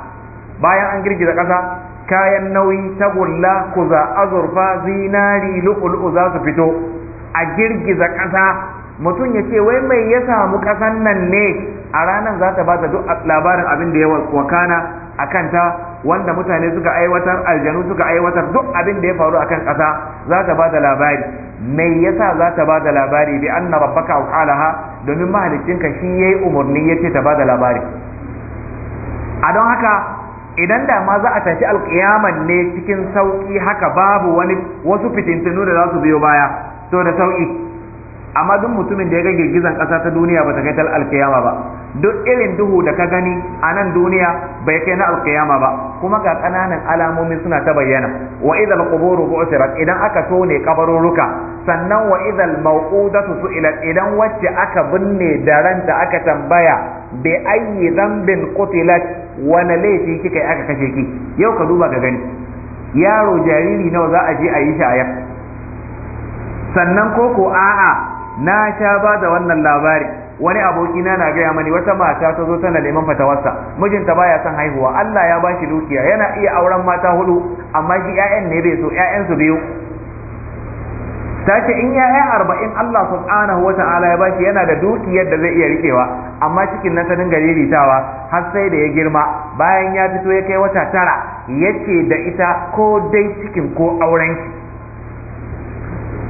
بايا انجري جذان كذا كاين نوي تقول لا كذا اظرفا ذي ناري لؤلؤ ذا فتو a girgiza ƙasa mutum ya ce wai mai ya samu ƙasan nan ne a ranar za ta duk labarin abin da ya wakana a kanta wanda mutane suka aiwatar aljanu suka aiwatar duk abin da ya faru akan ƙasa za ta bada labari mai yasa za ta bada labari bi anna rabbaka alaha domin mahaliccinka shi ya yi umarni ya ce ta bada labari a don haka idan da ma za a tafi alƙiyaman ne cikin sauƙi haka babu wani wasu fitintunu da za su biyo baya to da sauki amma duk mutumin da ya ga girgizan ƙasa ta duniya ba ta kai tal alkiyama ba duk irin duhu da ka gani a nan duniya bai kai na alkiyama ba kuma ga ƙananan alamomi suna ta bayyana wa idal quburu bu'sirat idan aka tone kabaruruka sannan wa idal mawqudatu su'ilat idan wacce aka binne da ranta aka tambaya bi ayyi dhanbin qutilat wani laifi kika aka kashe ki yau ka duba ka gani yaro jariri nawa za a je a yi shi a sannan ko ko a'a na sha ba da wannan labari wani abokina na gaya mani wata mata ta zo tana neman fatawarsa mijinta baya son haihuwa Allah ya bashi dukiya yana iya auren mata hudu amma shi ƴaƴan ne bai so ƴaƴan su biyu ta ce in 'ya'yan arba'in Allah subhanahu wata'ala ya bashi yana da dukiyar da zai iya rikewa amma cikin nan gari dinga har sai da ya girma bayan ya fito ya kai wata tara yace da ita ko dai cikin ko aurenki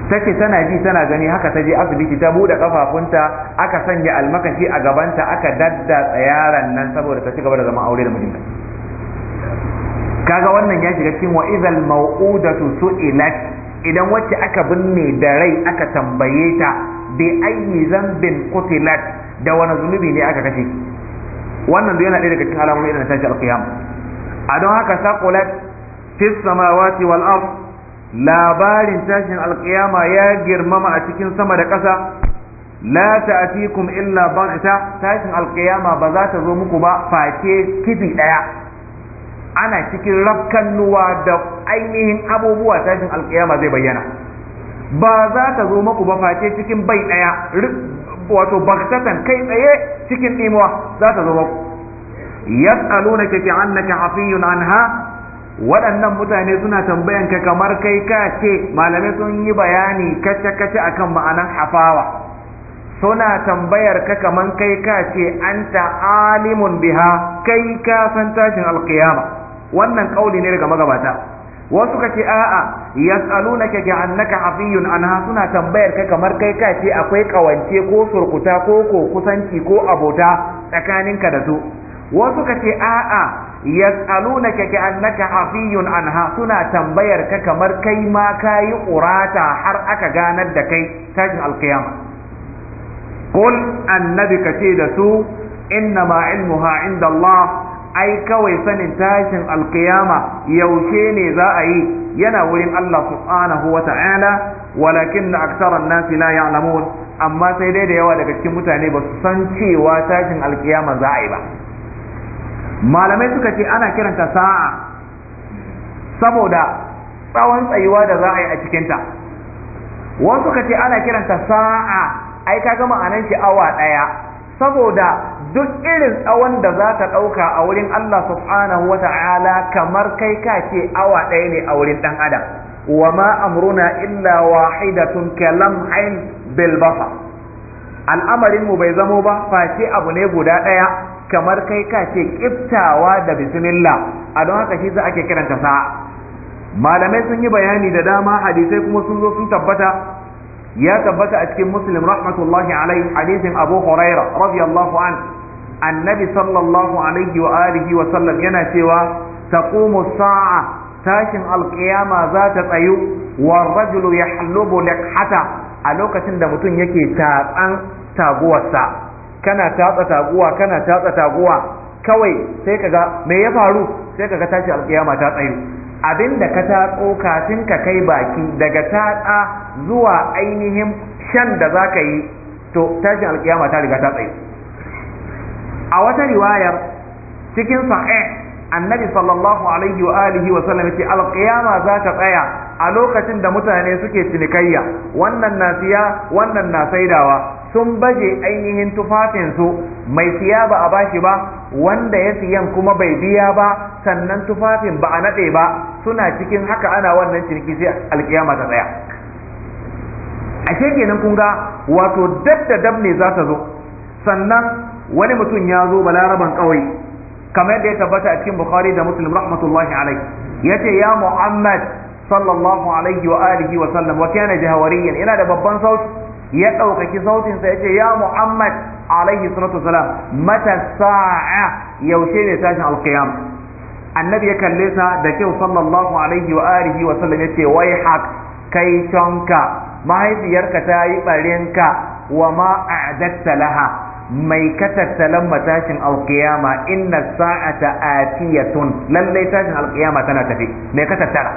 ta tana ji tana gani haka ta je asibiti ta buɗe kafafunta aka sanya almakashi a gabanta aka daddatsa tsayaran nan saboda ta ci gaba da zama aure da mijinta kaga wannan ya shiga cikin wa idhal mau'udatu su'ilat idan wacce aka binne da rai aka tambaye ta bi ayyi zambin qutilat da wani zunubi ne aka kashe wannan yana ɗaya daga cikin alamomin irin tashi alqiyam a don haka saqulat fi samawati wal ard labarin tashin alkiyama ya girmama a cikin sama da ƙasa la ta'tikum illa bagta tashin alkiyama ba za ta zo muku ba face kifi daya ana cikin nuwa da ainihin abubuwa tashin alkiyama zai bayyana ba za ta zo muku ba face cikin bai daya wato bagtatan kai tsaye cikin imuwa za ta zo muku yas'alunaka fi annaka hafiyun anha waɗannan mutane suna tambayan ka kamar kai ka ce malamai sun yi bayani kace-kace akan ma'anan hafawa suna tambayar ka kamar kai ka ce an alimun biha kai ka san tashin alkiyama wannan kauli ne daga magabata wasu ka ce a'a yas'alunaka annaka hafiyun anha suna tambayar ka kamar kai ka ce akwai kawance ko surkuta ko ko kusanci ko abota tsakaninka da su wasu ka ce a'a yas'alunaka ka'annaka hafiyun anha suna tambayar ka kamar kai ma kayi qurata har aka ganar da kai tashin alkiyama. qul annabi kace da su innama ilmuha inda Allah ai kawai sanin tashin alkiyama yaushe ne za a yi yana wurin Allah subhanahu wa ta'ala walakin aktharan nasi la ya'lamun amma sai dai da yawa daga cikin mutane ba su san cewa tashin alkiyama za a yi ba malamai suka ce ana kiranta sa'a saboda tsawon tsayuwa da za a yi a cikinta wasu suka ce ana kiranta sa'a ai ka gama anan shi awa ɗaya saboda duk irin tsawon da za ta ɗauka a wurin Allah subhanahu wa ta'ala kamar kai ka ce awa ɗaya ne a wurin ɗan adam wa ma amruna illa wahidatun kalam'in bil basar al'amarin mu bai zamo ba face abu ne guda ɗaya kamar kai ka ce kiftawa da bismillah a don haka shi za ake kiranta sa'a malamai sun yi bayani da dama hadisai kuma sun zo sun tabbata ya tabbata a cikin muslim rahmatullahi alaihi hadisin abu huraira radiyallahu an annabi sallallahu alaihi wa alihi wa sallam yana cewa taqumu sa'a tashin alkiyama za ta tsayu wa rajulu yahlubu liqhata a lokacin da mutum yake tatsan taguwarsa kana tatsa taguwa kana tatsa taguwa kawai sai kaga me ya faru sai kaga tashi alkiyama ta tsayo abinda ka tatso kafin ka kai baki daga tatsa zuwa ainihin shan da zaka yi to tashin alkiyama ta riga ta tsayo a wata riwayar cikin sahih annabi sallallahu alaihi wa alihi wa sallam yace alƙiyama za ta tsaya a lokacin da mutane suke cinikayya wannan nasiya wannan na saidawa sun baje ainihin tufafinsu mai siya ba a bashi ba wanda ya siyan kuma bai biya ba sannan tufafin ba a naɗe ba suna cikin haka ana wannan ciniki sai alkiyama ta tsaya A kenan kun ga wato dab da dab ne za ta zo sannan wani mutum ya zo balaraban kawai kamar yadda ya tabbata a cikin bukhari da muslim rahmatullahi alai yace ya muhammad sallallahu alaihi wa alihi wa sallam wa kana jahawariyan ina da babban sauti ya ɗaukaki sautin ya ce ya Muhammad alaihi salatu mata sa'a yaushe ne tashin alqiyam annabi ya kalle sa da kyau sallallahu alaihi wa alihi wa sallam yace wai hak kai tonka mahaifiyarka ta yi barinka wa ma a'datta laha mai ka tattalan matashin alqiyama inna sa'ata atiyatun lallai tashin alkiyama tana tafi mai ka tattara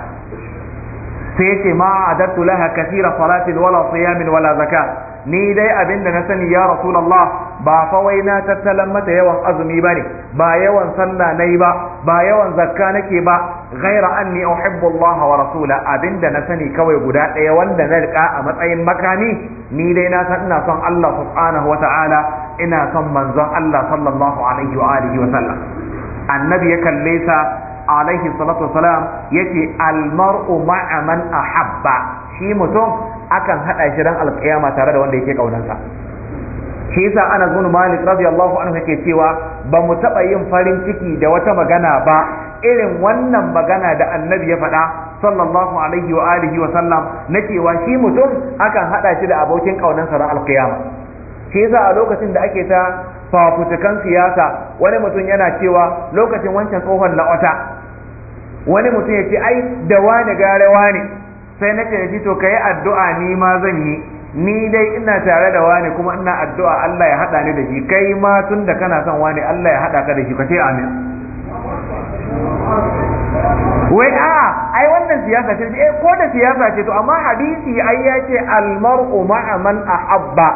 sai yace ma adattu laha kathira salatin wala siyamin wala zaka ni dai abinda na sani ya rasulullah ba fa wai na tattalan mata yawan azumi bane ba yawan sallah nayi ba ba yawan zakka nake ba ghaira anni uhibbu Allah wa rasula abinda na sani kawai guda ɗaya wanda na rika a matsayin makami ni dai na san ina son Allah subhanahu wa ta'ala ina son manzon Allah sallallahu alaihi wa alihi wa sallam annabi ya kalle sa alaihi salatu wasalam yace almar'u ma'a man ahabba shi mutum akan hada shi ran alƙiyama tare da wanda yake kaunansa shi yasa ana zunu malik radiyallahu anhu yake cewa ba mu taba yin farin ciki da wata magana ba irin wannan magana da annabi ya faɗa sallallahu alaihi wa alihi wa sallam na cewa shi mutum akan hada shi da abokin kaunansa ran alkiyama shi yasa a lokacin da ake ta fafutukan siyasa wani mutum yana cewa lokacin wancan tsohon la'ota wani mutum ya ce ai da wani gare wani sai na ce shi to ka yi addu'a ni ma zan yi ni dai ina tare da wani kuma ina addu'a Allah ya haɗa ni da shi kai ma tun da kana son wani Allah ya haɗa ka da shi ka ce amin wai a ai wannan siyasa ce eh ko da siyasa ce to amma hadisi ai ya ce almar'u ma'a man ahabba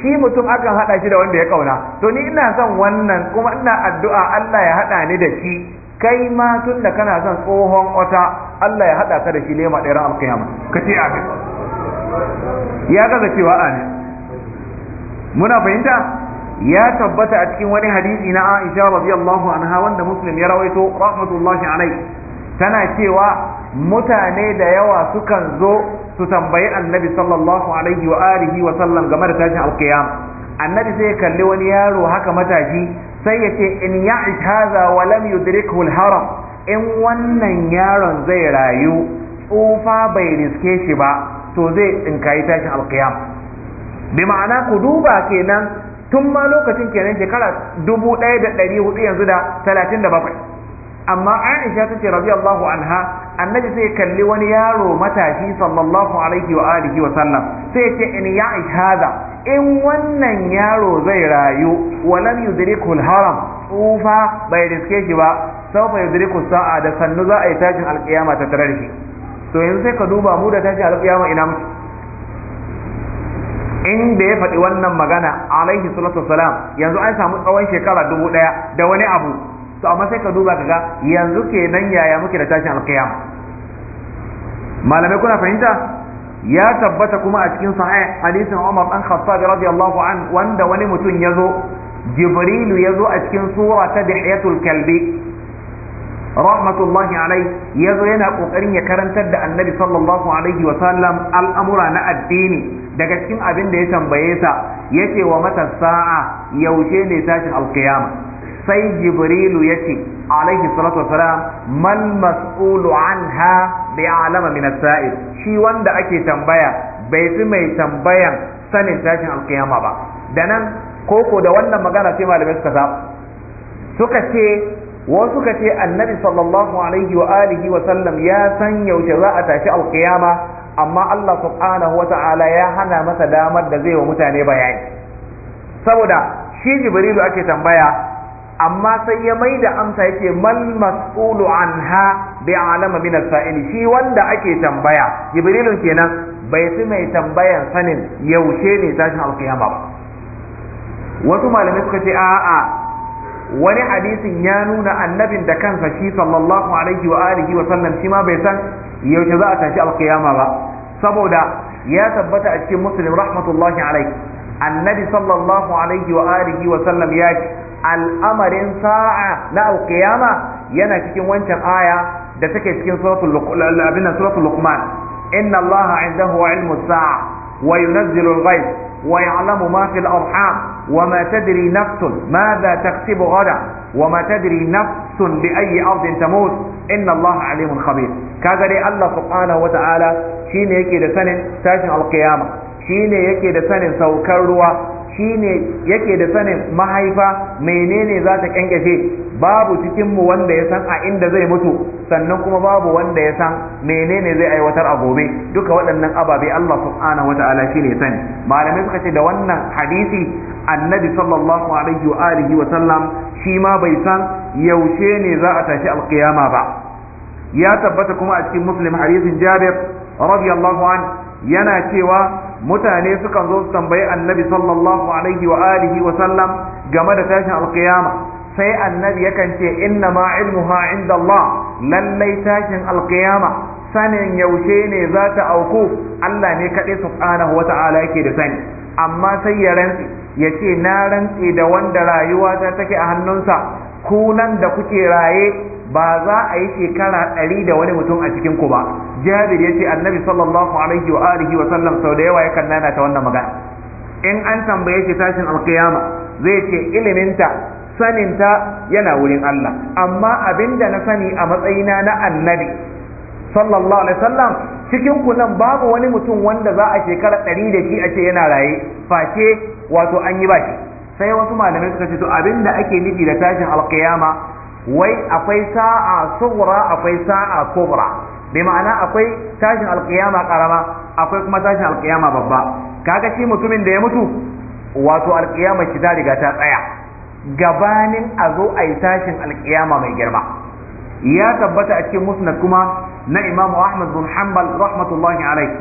shi mutum akan haɗa shi da wanda ya kauna to ni ina son wannan kuma ina addu'a Allah ya haɗa ni da shi kai ma tun da kana son tsohon wata Allah ya haɗa ka da shi lema ɗaya ran alƙiyama ka ce amin ya gaza cewa amin muna fahimta ya tabbata a cikin wani hadisi na Aisha radiyallahu anha wanda Muslim ya rawaito rahmatullahi alai tana cewa mutane da yawa sukan zo su tambayi annabi sallallahu alaihi wa alihi wa sallam game da tashin alqiyam annabi sai kalli wani yaro haka matashi sai ya ce in ya hadha wa lam yudrikhu al-haram in wannan yaron zai rayu tsufa bai riske shi ba to zai tsinkayi tashin alkiyam bi ma'ana ku duba kenan tun ma lokacin kenan shekara dubu ɗaya da ɗari hudu yanzu da talatin da bakwai amma Aisha tace radiyallahu anha annabi sai kalli wani yaro matashi sallallahu alaihi wa alihi wa sallam sai ce in ya hada in wannan yaro zai rayu lam yudrikul haram tsufa bai riske shi ba sawfa yudriku sa'a da sannu za a yi tashin alkiyama ta tare to yanzu sai ka duba mu da tashin alkiyama ina muke da ya faɗi wannan magana alaihi salatu salam yanzu an samu tsawon shekara dubu ɗaya da wani abu to amma sai ka duba kaga yanzu kenan yaya muke da tashin alkiyama malamai kuna fahimta ya tabbata kuma a cikin sahih hadisin Umar dan Khattab radiyallahu an wanda wani mutum yazo Jibrilu yazo a cikin sura ta Dihiyatul Kalbi rahmatullahi alai yazo yana kokarin ya karantar da Annabi sallallahu alaihi wa sallam al'amura na addini daga cikin abin da ya tambaye sa yace wa mata sa'a yaushe ne tashin alkiyama sai jibrilu ya ce alaihi salatu salam mal mas'ulu anha bi alama min shi wanda ake tambaya bai fi mai tambayan sanin tashin alkiyama ba da nan koko da wannan magana sai malamai suka sa suka ce wasu suka ce annabi sallallahu alaihi wa alihi wa sallam ya san yaushe za a tashi alkiyama amma Allah subhanahu wa ta'ala ya hana masa damar da zai wa mutane bayani saboda shi jibrilu ake tambaya amma sai ya mai da amsa yake mal mas'ulu anha bi alama min al shi wanda ake tambaya jibrilun kenan bai fi mai tambayan sanin yaushe ne tashin alkiyama ba wasu malamai suka ce a'a wani hadisin ya nuna annabin da kansa shi sallallahu alaihi wa alihi wa sallam shi ma bai san yaushe za a tashi alkiyama ba saboda ya tabbata a cikin muslim rahmatullahi alaihi annabi sallallahu alaihi wa alihi wa sallam ya ce al'amarin sa'a na alƙiyama yana cikin wancan aya da take cikin suratul luqman inna allaha indahu ilmu sa'a wa yunazzilu al-ghayb wa ya'lamu ma fil arham wa ma tadri nafsun madha taksubu ghadan وما تدري نفس بأي ardin تموت إن الله عليم خبير kaga dai Allah subhanahu wata'ala shine yake da sanin tashin alkiyama shine yake da sanin saukar ruwa Shi ne yake da sanin mahaifa menene za ta kyankyashe babu cikinmu wanda ya san a inda zai mutu sannan kuma babu wanda ya san menene zai aiwatar a gobe duka waɗannan ababe Allah subhanahu wa ta'ala ne sani malamai suka ce da wannan hadisi annabi sallallahu alaihi wa alihi wa sallam shi ma bai san yaushe ne za a tashi alkiyama ba ya tabbata kuma a cikin muslim hadisin jabir radiyallahu an yana cewa mutane sukan zo su tambayi annabi sallallahu alaihi wa alihi wa sallam game da tashin alkiyama sai annabi yakan ce inna ma ilmuha inda Allah lallai tashin alkiyama sanin yaushe ne za ta auku Allah ne kaɗai subhanahu wa ta'ala yake da sani amma sai ya rantsi ya ce na rantsi da wanda rayuwa ta take a hannunsa ku nan da kuke raye ba za a yi shekara ɗari da wani mutum a cikin ku ba jabir ce annabi sallallahu alaihi wa alihi wa sallam sau da yawa yakan nana ta wannan magana in an tambaye shi tashin alkiyama, zai ce iliminta saninta yana wurin Allah amma abinda na sani a matsayina na annabi sallallahu alaihi wasallam cikin ku nan babu wani mutum wanda za a shekara ɗari da shi a ce yana raye face wato an yi baki sai wasu malamai suka ce to abinda ake nufi da tashin alkiyama wai akwai sa'a sughra akwai sa'a kubra bai ma'ana akwai tashin alkiyama karama akwai kuma tashin alkiyama babba kaga shi mutumin da ya mutu wato alkiyama shi ta riga ta tsaya gabanin a zo a yi tashin alkiyama mai girma ya tabbata a cikin musnad kuma na imamu ahmad bin hanbal rahmatullahi alaihi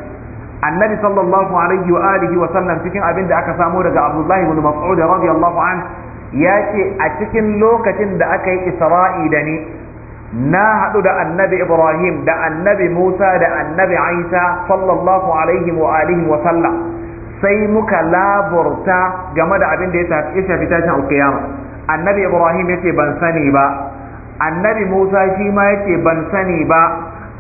annabi sallallahu alaihi wa alihi wa sallam cikin abin da aka samo daga abdullahi bin mas'ud radiyallahu an ya ce a cikin lokacin da aka yi isra'i da ni na haɗu da annabi ibrahim da annabi musa da annabi Aisha sallallahu alaihi wa alihi wa sallam sai muka laburta game da abin da ya shafi tashin alkiyama annabi ibrahim yace ban sani ba annabi musa shi ma yace ban sani ba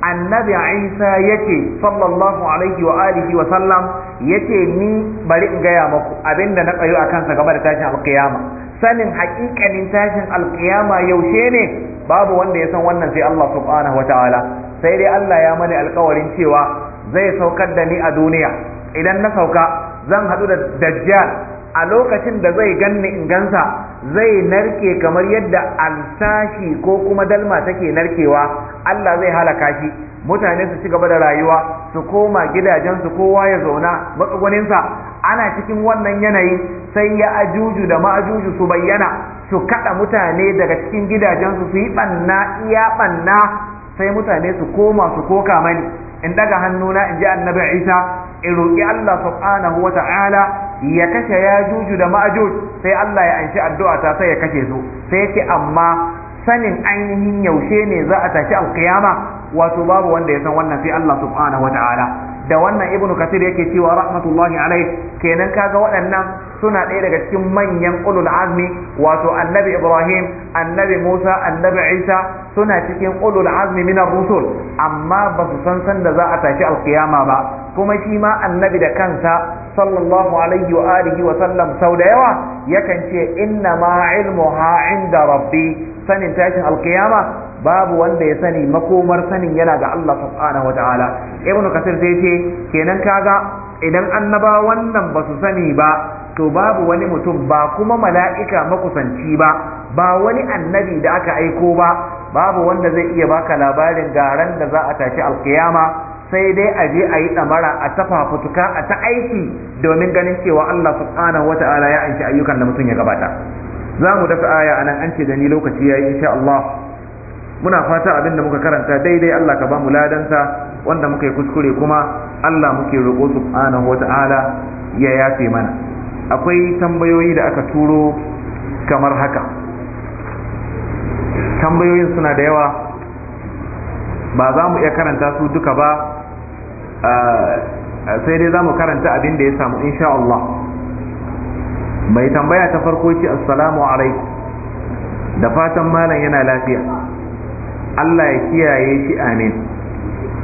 annabi isa yace sallallahu alaihi wa alihi wa sallam yace ni bari in gaya muku abin da na tsayo a kansa game da tashin alkiyama sanin haƙiƙanin tashin alƙiyama yaushe ne babu wanda ya san wannan sai Allah subhanahu wa ta'ala sai dai Allah ya mani alƙawarin cewa zai saukar da ni a duniya idan na sauka zan haɗu da dajjal a lokacin da zai ganni in gansa zai narke kamar yadda alsashi ko kuma dalma take narkewa Allah zai halaka shi mutane su ci gaba da rayuwa su koma gidajensu kowa ya zauna matsuguninsa ana cikin wannan yanayi sai ya ajuju da ma'ajuju su bayyana su kada mutane daga cikin gidajensu su yi banna iya banna sai mutane su koma su koka mani in daga hannuna in ji annabi isa in roƙi allah subhanahu wa ta'ala ya kashe ya juju da ma'ajuj sai allah ya anshi addu'a ta sai ya kashe su sai yake amma sanin ainihin yaushe ne za a tashi alkiyama wato babu wanda ya san wannan sai allah subhanahu wa ta'ala da wannan ibnu kasir yake cewa rahmatullahi alaih kenan kaga waɗannan suna ɗaya daga cikin manyan ulul azmi wato annabi ibrahim annabi musa annabi isa suna cikin ulul azmi min rusul amma ba su san san da za a tashi alkiyama ba kuma shi ma annabi da kansa sallallahu alaihi wa alihi wa sallam sau da yawa yakan ce inna ma ilmuha inda rabbi sanin tashin alkiyama babu wanda ya sani makomar sanin yana ga Allah subhanahu wataala ibn kasir sai ce kenan kaga idan annaba wannan ba su sani ba to babu wani mutum ba kuma mala'ika makusanci ba ba wani annabi da aka aiko ba babu wanda zai iya baka labarin garan da za a tashi alkiyama sai dai a je a yi ɗamara a tafa futuka a ta aiki domin ganin cewa Allah subhanahu wa ta'ala ya anshi ayyukan da mutum ya gabata za mu dasa aya anan an ce da ni lokaci ya yi insha Allah muna fata abin da muka karanta daidai Allah ka bamu ladansa wanda muka yi kuskure kuma Allah muke roƙo subhanahu wata'ala ya yafe mana akwai tambayoyi da aka turo kamar haka tambayoyin suna da yawa ba za mu iya karanta su duka ba sai dai za mu karanta abin da ya samu insha Allah mai tambaya ta farko ce assalamu alaikum da fatan malam yana lafiya Allah ya kiyaye shi amin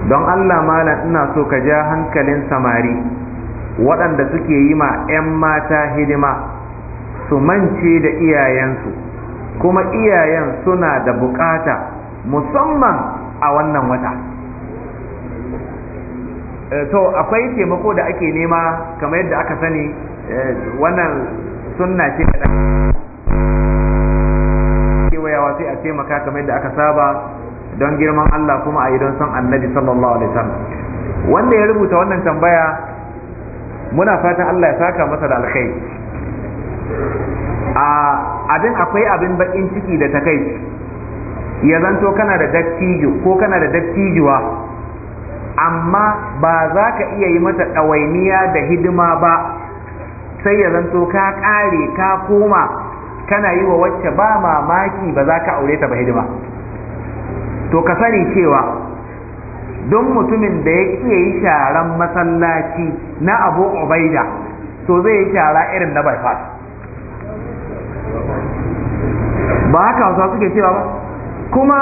don Allah malam ina so ka ja hankalin samari waɗanda suke yi ma 'yan mata hidima su mance da iyayensu kuma iyayen suna da bukata musamman a wannan wata eh, to akwai taimako da ake nema kamar yadda aka sani eh, wannan sunna ce da tsayawa sai a taimaka kamar yadda aka saba don girman Allah kuma a yi don son annabi sallallahu alaihi wasallam wanda ya rubuta wannan tambaya muna fatan Allah ya saka masa da alkhairi a abin akwai abin bakin ciki da takai ya zanto kana da dattijo ko kana da dattijuwa amma ba za ka iya yi mata ɗawainiya da hidima ba sai ya zanto ka ƙare ka koma kana yi wa wacce ba mamaki ba za ka aure ta ba hidima to ka sani cewa don mutumin da ya iya yi sharan masallaci na abu ubaida to zai yi shara irin na bypass ba haka wasu suke cewa ba kuma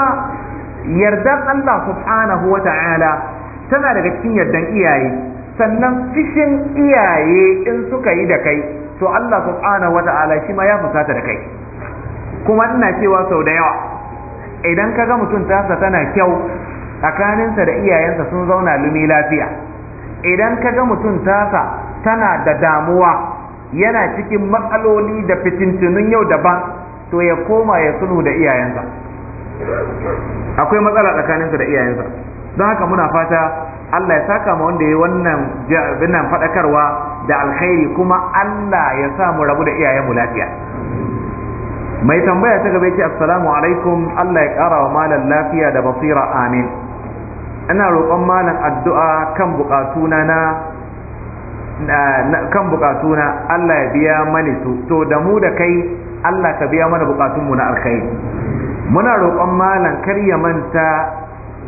yardar Allah subhanahu wa ta'ala tana daga cikin yardan iyaye sannan fishin iyaye in suka yi da kai to Allah subhanahu wata'ala shi ma ya fusata da kai kuma ina cewa sau da yawa idan ka ga mutum tasa tana kyau tsakaninsa da iyayensa sun zauna lumi lafiya idan ka ga mutum tasa tana da damuwa yana cikin matsaloli da fitintunun yau daban to ya koma ya sulhu da iyayensa akwai matsala tsakaninsa da iyayensa don haka muna fata Allah ya saka ma wanda ya yi wannan binan faɗakarwa da alkhairi kuma Allah ya sa mu rabu da iyayenmu lafiya mai tambaya ta gaba ce assalamu alaikum Allah ya ƙara wa malam lafiya da basira amin ina roƙon malam addu'a kan buƙatuna na kan buƙatuna Allah ya biya mani su to da mu da kai Allah ka biya mana buƙatunmu na alkhairi muna roƙon malam kar ya manta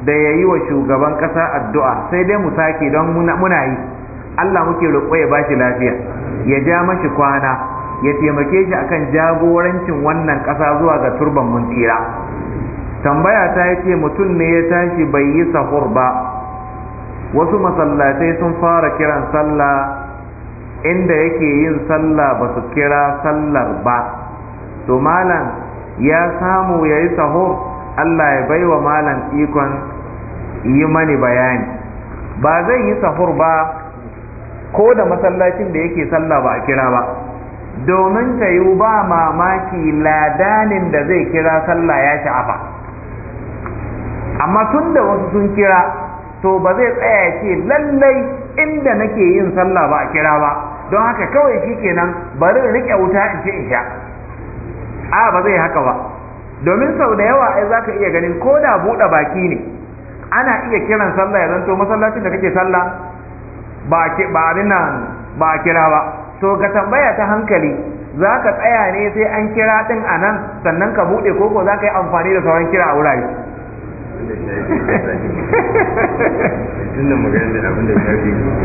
da ya yi wa shugaban ƙasa addu'a sai dai mu sake don muna yi Allah muke roƙo ya ba shi lafiya ya ja mashi kwana ya taimake shi akan jagorancin wannan ƙasa zuwa ga turban mun tambaya ta ce mutum ne ya tashi bai yi sahur ba wasu masallatai sun fara kiran sallah inda yake yin sallah ba su kira sallar ba to malam ya samu ya yi sahur Allah ya bai wa malam ikon yi mani bayani ba zai yi sahur ba ko da masallacin da yake sallah ba a kira ba domin ta yi ba mamaki ladanin da zai kira sallah ya sha'afa amma tun da wasu sun kira to ba zai tsaya ya ce lallai inda nake yin sallah ba a kira ba don haka kawai shi kenan bari in riƙe wuta in ce in sha a ba zai haka ba domin sau da yawa ai za ka iya ganin ko da buɗe baki ne ana iya kiran sallah ya zanto masallacin da kake sallah ba ba abin nan ba kira ba to ga tambaya ta hankali za ka tsaya ne sai an kira ɗin a nan sannan ka buɗe koko za ka yi amfani da sauran kira a wurare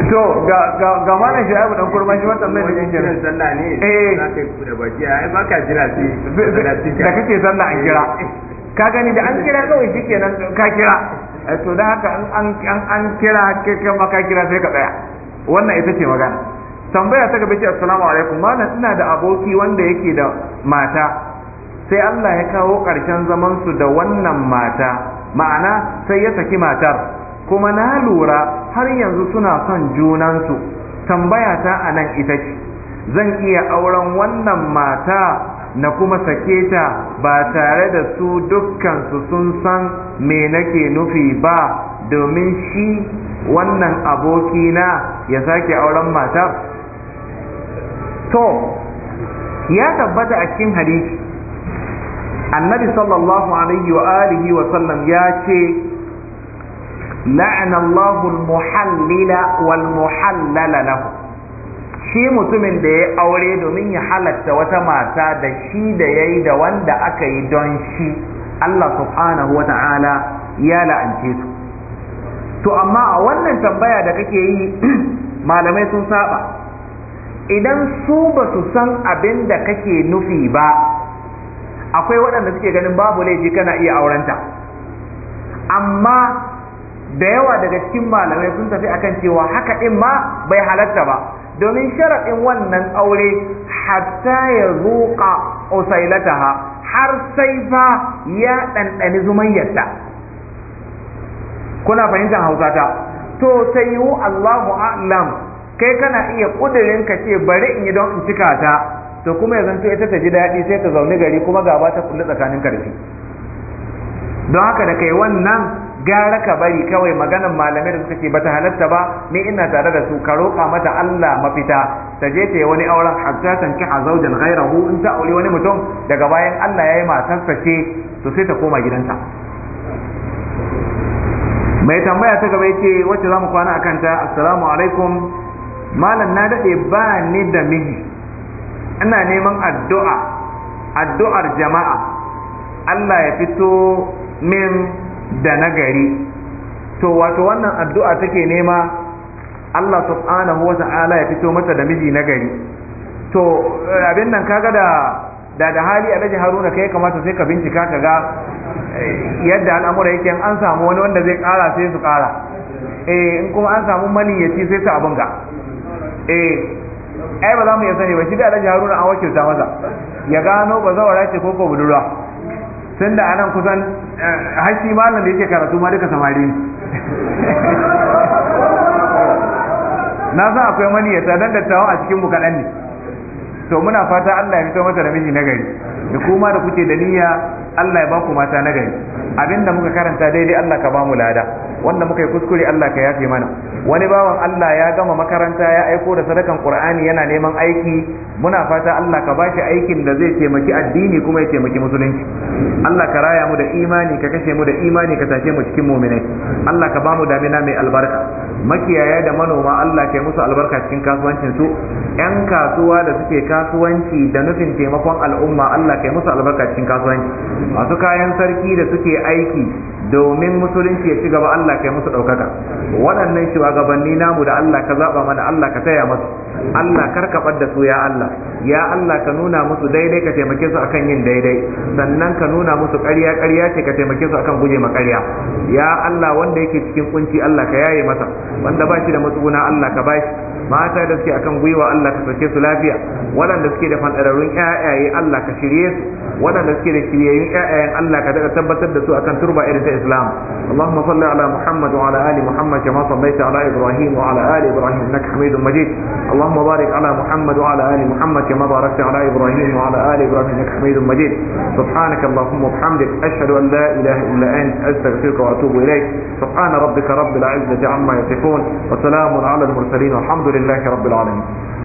to ga mana shi abu dan kurma shi wannan mai wajen kira sallah ne eh da baki ai baka jira sai da kake sallah an kira ka gani da an kira kawai shikenan ka kira Eh, to da haka an an kira ke kan maka kira sai ka tsaya wannan ita ce magana tambaya ta gaba ce assalamu alaikum malam ina da aboki wanda yake da mata sai Allah ya kawo ƙarshen zaman su da wannan mata ma'ana sai ya saki matar kuma na lura har yanzu suna son junansu tambaya ta anan ita ce zan iya auren wannan mata na kuma sake ta ba tare da su dukkansu sun san me nake nufi ba domin shi wannan abokina ya sake auren mata to ya tabbata a cikin hadisi annabi sallallahu alaihi wa alihi wa sallam ya ce "La'anallahu al-muhallila wal muhallala lahu shi mutumin da ya aure domin ya halatta wata mata da shi da ya yi da wanda aka yi don shi Allah subhanahu wa ta'ala ya la'ance su to amma a wannan tambaya da kake yi malamai sun saba idan su ba su san abin da kake nufi ba akwai waɗanda suke ganin babu laifi kana iya aurenta amma da yawa daga cikin malamai sun tafi akan cewa haka ɗin ma bai halatta ba domin sharaɗin wannan aure hatta ya zuƙa usailataha har sai fa ya ɗanɗani zumayyarta kuna fahimtar hausata to ta yiwu Allahu a'lam kai kana iya ƙudurin ka ce bari in yi don in cika ta to kuma ya zanto ita ta ji daɗi sai ta zaune gari kuma gaba ta kulle tsakanin karfi don haka da kai wannan gara ka bari kawai maganan malamai da suka ce bata halatta ba ni ina tare da su ka roƙa mata Allah mafita ta je ta yi wani auren hatta tanki a zaujan ghairahu in ta aure wani mutum daga bayan Allah ya yi matarsa ce to sai ta koma gidanta mai tambaya ta gaba yace wacce zamu kwana akan ta assalamu alaikum malam na dade ba ni da mihi. ina neman addu'a addu'ar jama'a Allah ya fito min da nagari to wato wannan addu'a take nema Allah subhanahu wa ta'ala ya fito mata da miji nagari to eh, abin nan kaga da da da hali alhaji haruna kai kamata sai ka bincika ka ga eh, yadda al'amura yake an samu wani wanda zai kara sai su kara eh in kuma an samu maliyaci sai su abunga eh ai ba za mu iya sani ba shi da alhaji haruna an wakilta masa ya gano ba zawara ce ko ko budurwa tun da anan kusan eh, haƙi malam da yake karatu ma duka samari na san akwai maniyyata da tawo a cikin mu kaɗan ne to muna fata Allah ya fito mata da miji nagari da kuma da kuke da niyya Allah ya ba ku mata nagari Abin da muka karanta daidai Allah ka bamu lada wanda muka yi kuskure Allah ka yafe mana wani bawan Allah ya gama makaranta ya aiko da sadakan Qur'ani yana neman aiki muna fata Allah ka bashi aikin da zai taimaki addini kuma ya taimaki musulunci Allah ka raya mu da imani ka kashe mu da imani ka tashe mu cikin mu'minai Allah ka bamu damina mai albarka makiyaya da manoma Allah ke musu albarka cikin kasuwancin su yan kasuwa da suke kasuwanci da nufin taimakon al'umma Allah ke musu albarka cikin kasuwanci masu kayan sarki da suke aiki domin musulunci ya ci gaba Allah ke musu ɗaukaka waɗannan shugabanni namu da Allah ka zaɓa mana Allah ka taya masu Allah kar ka da su ya Allah ya Allah ka nuna musu daidai ka taimake su akan yin daidai sannan ka nuna musu ƙarya ƙarya ce ka taimake su akan guje ma ƙarya ya Allah wanda yake cikin kunci Allah ka yaye masa wanda ba shi da matsuguna Allah ka bashi mata da suke akan gwiwa Allah ka sauke su lafiya waɗanda suke da fanɗararrun ƴaƴaye Allah ka shirye su waɗanda suke da shiryayyun ƴaƴayen Allah ka daɗa tabbatar da su akan turba irin ta Islam Allahumma salli ala Muhammad wa ala ali Muhammad kama sallaita ala Ibrahim wa ala ali Ibrahim innaka Hamidum Majid Allahumma barik ala Muhammad wa ala ali Muhammad kama barakta ala Ibrahim wa ala ali Ibrahim innaka Hamidum Majid سبحانك اللهم وبحمدك أشهد أن لا إله إلا أنت أستغفرك وأتوب إليك سبحان ربك رب العزة عما يصفون وسلام ala المرسلين والحمد لله لله رب العالمين